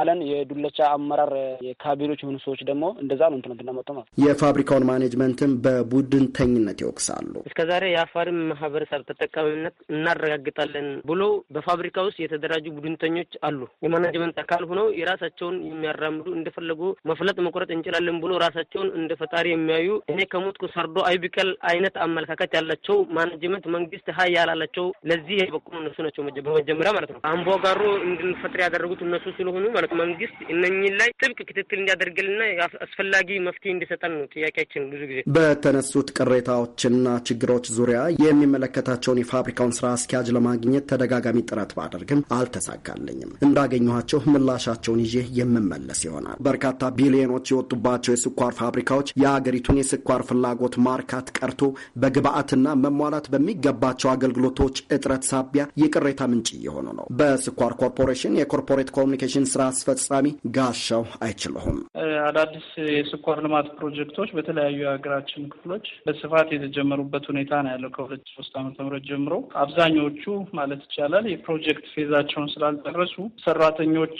R: አለን። የዱለቻ አመራር የካቢኖች የሆኑ ሰዎች ደግሞ እንደዛ ነው እንትን እንድናመጡ ማለት የፋብሪካውን
Q: ማኔጅመንትም በቡድንተኝነት ይወቅሳሉ። አለው።
R: እስከዛሬ የአፋርን ማህበረሰብ ተጠቃሚነት እናረጋግጣለን ብሎ በፋብሪካ ውስጥ የተደራጁ ቡድንተኞች አሉ። የማናጅመንት አካል ሆነው የራሳቸውን የሚያራምዱ እንደፈለጉ መፍለጥ መቁረጥ እንችላለን ብሎ ራሳቸውን እንደ ፈጣሪ የሚያዩ እኔ ከሞትኩ ሰርዶ አይብቀል አይነት አመለካከት ያላቸው ማናጅመንት መንግስት ሀይ ያላላቸው ለዚህ የበቁ እነሱ ናቸው በመጀመሪያ ማለት ነው። አምቦ ጋሮ እንድንፈጥር ያደረጉት እነሱ ስለሆኑ ማለት መንግስት እነኚህ ላይ ጥብቅ ክትትል እንዲያደርግልና አስፈላጊ መፍትሄ እንዲሰጠን ነው ጥያቄያችን። ብዙ ጊዜ
Q: በተነሱት ቅሬታዎችና ችግሮች ዙሪያ የሚመለከታቸውን የፋብሪካውን ስራ አስኪያጅ ለማግኘት ተደጋጋሚ ጥረት ባደርግም አልተሳካልኝም። እንዳገኘኋቸው ምላሻቸውን ይዤ የምመለስ ይሆናል። በርካታ ቢሊዮኖች የወጡባቸው የስኳር ፋብሪካዎች የአገሪቱን የስኳር ፍላጎት ማርካት ቀርቶ በግብአትና መሟላት በሚገባቸው አገልግሎቶች እጥረት ሳቢያ የቅሬታ ምንጭ እየሆኑ ነው። በስኳር ኮርፖሬሽን የኮርፖሬት ኮሚኒኬሽን ስራ አስፈጻሚ ጋሻው አይችልሁም።
N: አዳዲስ የስኳር ልማት ፕሮጀክቶች በተለያዩ የሀገራችን ክፍሎች በስፋት የተጀመሩ የነበሩበት ሁኔታ ነው ያለው። ከሁለት ሶስት ዓመተ ምህረት ጀምሮ አብዛኛዎቹ ማለት ይቻላል የፕሮጀክት ፌዛቸውን ስላልጨረሱ ሰራተኞች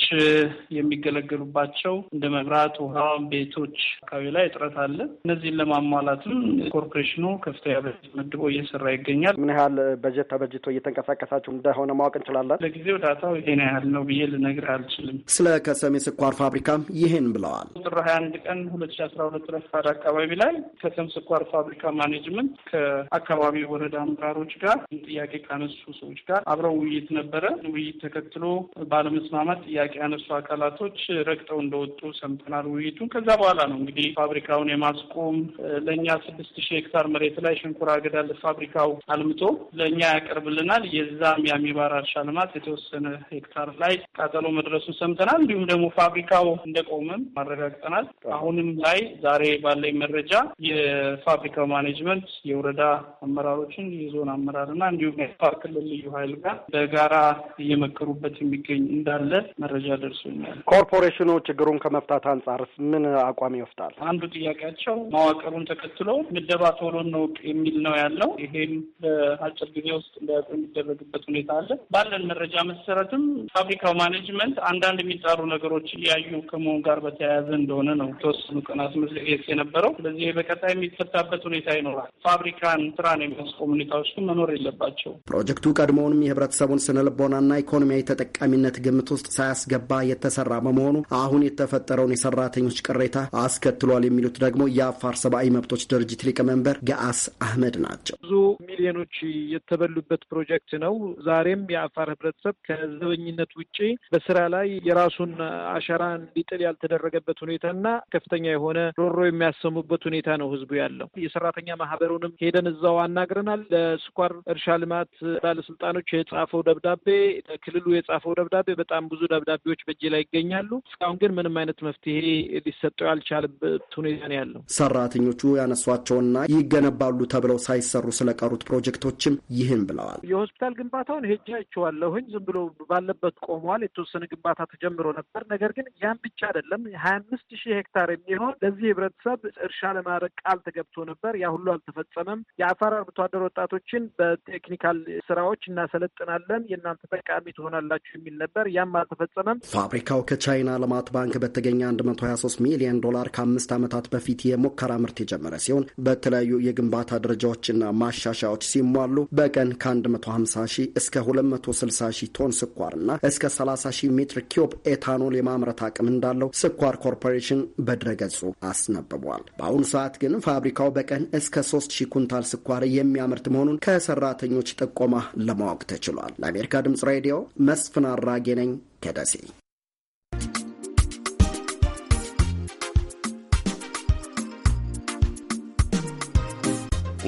N: የሚገለገሉባቸው እንደ መብራት፣ ውሃ፣ ቤቶች አካባቢ ላይ እጥረት አለ። እነዚህን ለማሟላትም ኮርፖሬሽኑ ከፍተኛ በጀት መድቦ እየሰራ ይገኛል። ምን ያህል
Q: በጀት ተበጅቶ እየተንቀሳቀሳችሁ እንደሆነ ማወቅ እንችላለን? ለጊዜው ዳታው ይሄን
N: ያህል ነው ብዬ ልነግር አልችልም።
Q: ስለ ከሰሜ ስኳር ፋብሪካም ይህን ብለዋል።
N: ጥር ሀያ አንድ ቀን ሁለት ሺ አስራ ሁለት ረፋድ አካባቢ ላይ ከሰም ስኳር ፋብሪካ ማኔጅመንት ከአካባቢው ወረዳ አመራሮች ጋር ጥያቄ ካነሱ ሰዎች ጋር አብረው ውይይት ነበረ። ውይይት ተከትሎ ባለመስማማት ጥያቄ ያነሱ አካላቶች ረግጠው እንደወጡ ሰምተናል። ውይይቱን ከዛ በኋላ ነው እንግዲህ ፋብሪካውን የማስቆም ለእኛ ስድስት ሺህ ሄክታር መሬት ላይ ሸንኮራ አገዳ ለፋብሪካው አልምቶ ለእኛ ያቀርብልናል። የዛም የአሚባራ እርሻ ልማት የተወሰነ ሄክታር ላይ ቃጠሎ መድረሱ ሰምተናል። እንዲሁም ደግሞ ፋብሪካው እንደቆመም ማረጋግጠናል። አሁንም ላይ ዛሬ ባለኝ መረጃ የፋብሪካው ማኔጅመንት የው የወረዳ አመራሮችን የዞን አመራር እንዲሁም የአፋር ክልል ልዩ ኃይል ጋር በጋራ እየመከሩበት የሚገኝ እንዳለ መረጃ ደርሶኛል።
Q: ኮርፖሬሽኑ ችግሩን ከመፍታት አንጻር ምን አቋም
N: ይወስዳል? አንዱ ጥያቄያቸው መዋቅሩን ተከትሎ ምደባ ቶሎ ነው የሚል ነው ያለው። ይሄም በአጭር ጊዜ ውስጥ እንዲያውቁ የሚደረግበት ሁኔታ አለ። ባለን መረጃ መሰረትም ፋብሪካው ማኔጅመንት አንዳንድ የሚጣሩ ነገሮች እያዩ ከመሆን ጋር በተያያዘ እንደሆነ ነው የተወሰኑ ቀናት መስለስ የነበረው። ስለዚህ በቀጣይ የሚፈታበት ሁኔታ ይኖራል። ፋብሪካ የአሜሪካን ነው የሚያስቆሙ ሁኔታዎች ግን መኖር የለባቸው።
Q: ፕሮጀክቱ ቀድሞውንም የህብረተሰቡን ስነልቦናና ኢኮኖሚያዊ ተጠቃሚነት ግምት ውስጥ ሳያስገባ የተሰራ በመሆኑ አሁን የተፈጠረውን የሰራተኞች ቅሬታ አስከትሏል የሚሉት ደግሞ የአፋር ሰብአዊ መብቶች ድርጅት ሊቀመንበር ገአስ አህመድ ናቸው።
I: ብዙ
N: ሚሊዮኖች የተበሉበት ፕሮጀክት ነው። ዛሬም የአፋር ህብረተሰብ ከዘበኝነት ውጭ በስራ ላይ የራሱን አሻራ እንዲጥል ያልተደረገበት ሁኔታና ከፍተኛ የሆነ ሮሮ የሚያሰሙበት ሁኔታ ነው ህዝቡ ያለው። የሰራተኛ ማህበሩንም ሄደን እዛው አናግረናል። ለስኳር እርሻ ልማት ባለስልጣኖች የጻፈው ደብዳቤ፣ ለክልሉ የጻፈው ደብዳቤ፣ በጣም ብዙ ደብዳቤዎች በእጄ ላይ ይገኛሉ። እስካሁን ግን ምንም አይነት መፍትሄ ሊሰጠው ያልቻለበት ሁኔታ ነው ያለው።
Q: ሰራተኞቹ ያነሷቸውና ይገነባሉ ተብለው ሳይሰሩ ስለቀሩት ፕሮጀክቶችም ይህን ብለዋል።
N: የሆስፒታል ግንባታውን ሄጄ አይቼዋለሁኝ። ዝም ብሎ ባለበት ቆመዋል። የተወሰነ ግንባታ ተጀምሮ ነበር። ነገር ግን ያን ብቻ አይደለም። ሀያ አምስት ሺህ ሄክታር የሚሆን ለዚህ ህብረተሰብ እርሻ ለማድረግ ቃል ተገብቶ ነበር። ያ ሁሉ አልተፈጸመም። በመቋቋም የአፋር አርብቶ አደር ወጣቶችን በቴክኒካል ስራዎች እናሰለጥናለን፣ የእናንተ ጠቃሚ ትሆናላችሁ የሚል ነበር። ያም አልተፈጸመም።
Q: ፋብሪካው ከቻይና ልማት ባንክ በተገኘ 123 ሚሊዮን ዶላር ከአምስት ዓመታት በፊት የሙከራ ምርት የጀመረ ሲሆን በተለያዩ የግንባታ ደረጃዎችና ማሻሻያዎች ሲሟሉ በቀን ከ150 ሺህ እስከ 260 ሺህ ቶን ስኳርና እስከ 30 ሺህ ሜትር ኪዩብ ኤታኖል የማምረት አቅም እንዳለው ስኳር ኮርፖሬሽን በድረገጹ አስነብቧል። በአሁኑ ሰዓት ግን ፋብሪካው በቀን እስከ 3 ሺህ ኩንታል ስኳር የሚያመርት መሆኑን ከሰራተኞች ጥቆማ ለማወቅ ተችሏል። ለአሜሪካ ድምጽ ሬዲዮ መስፍን አራጌ ነኝ ከደሴ።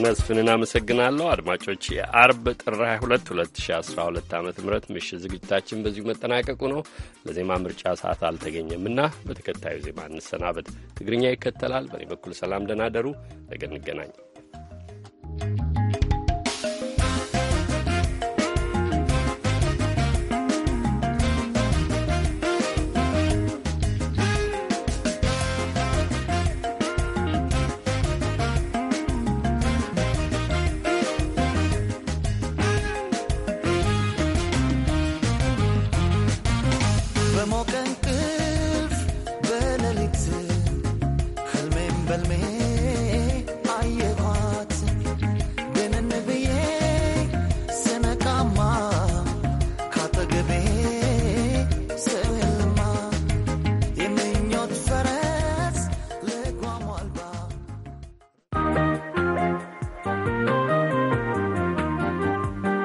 A: መስፍንን አመሰግናለሁ። አድማጮች የአርብ ጥር 22 2012 ዓ ም ምሽት ዝግጅታችን በዚሁ መጠናቀቁ ነው። ለዜማ ምርጫ ሰዓት አልተገኘም እና በተከታዩ ዜማ እንሰናበት። ትግርኛ ይከተላል። በእኔ በኩል ሰላም፣ ደህና ደሩ። ነገ እንገናኝ። you.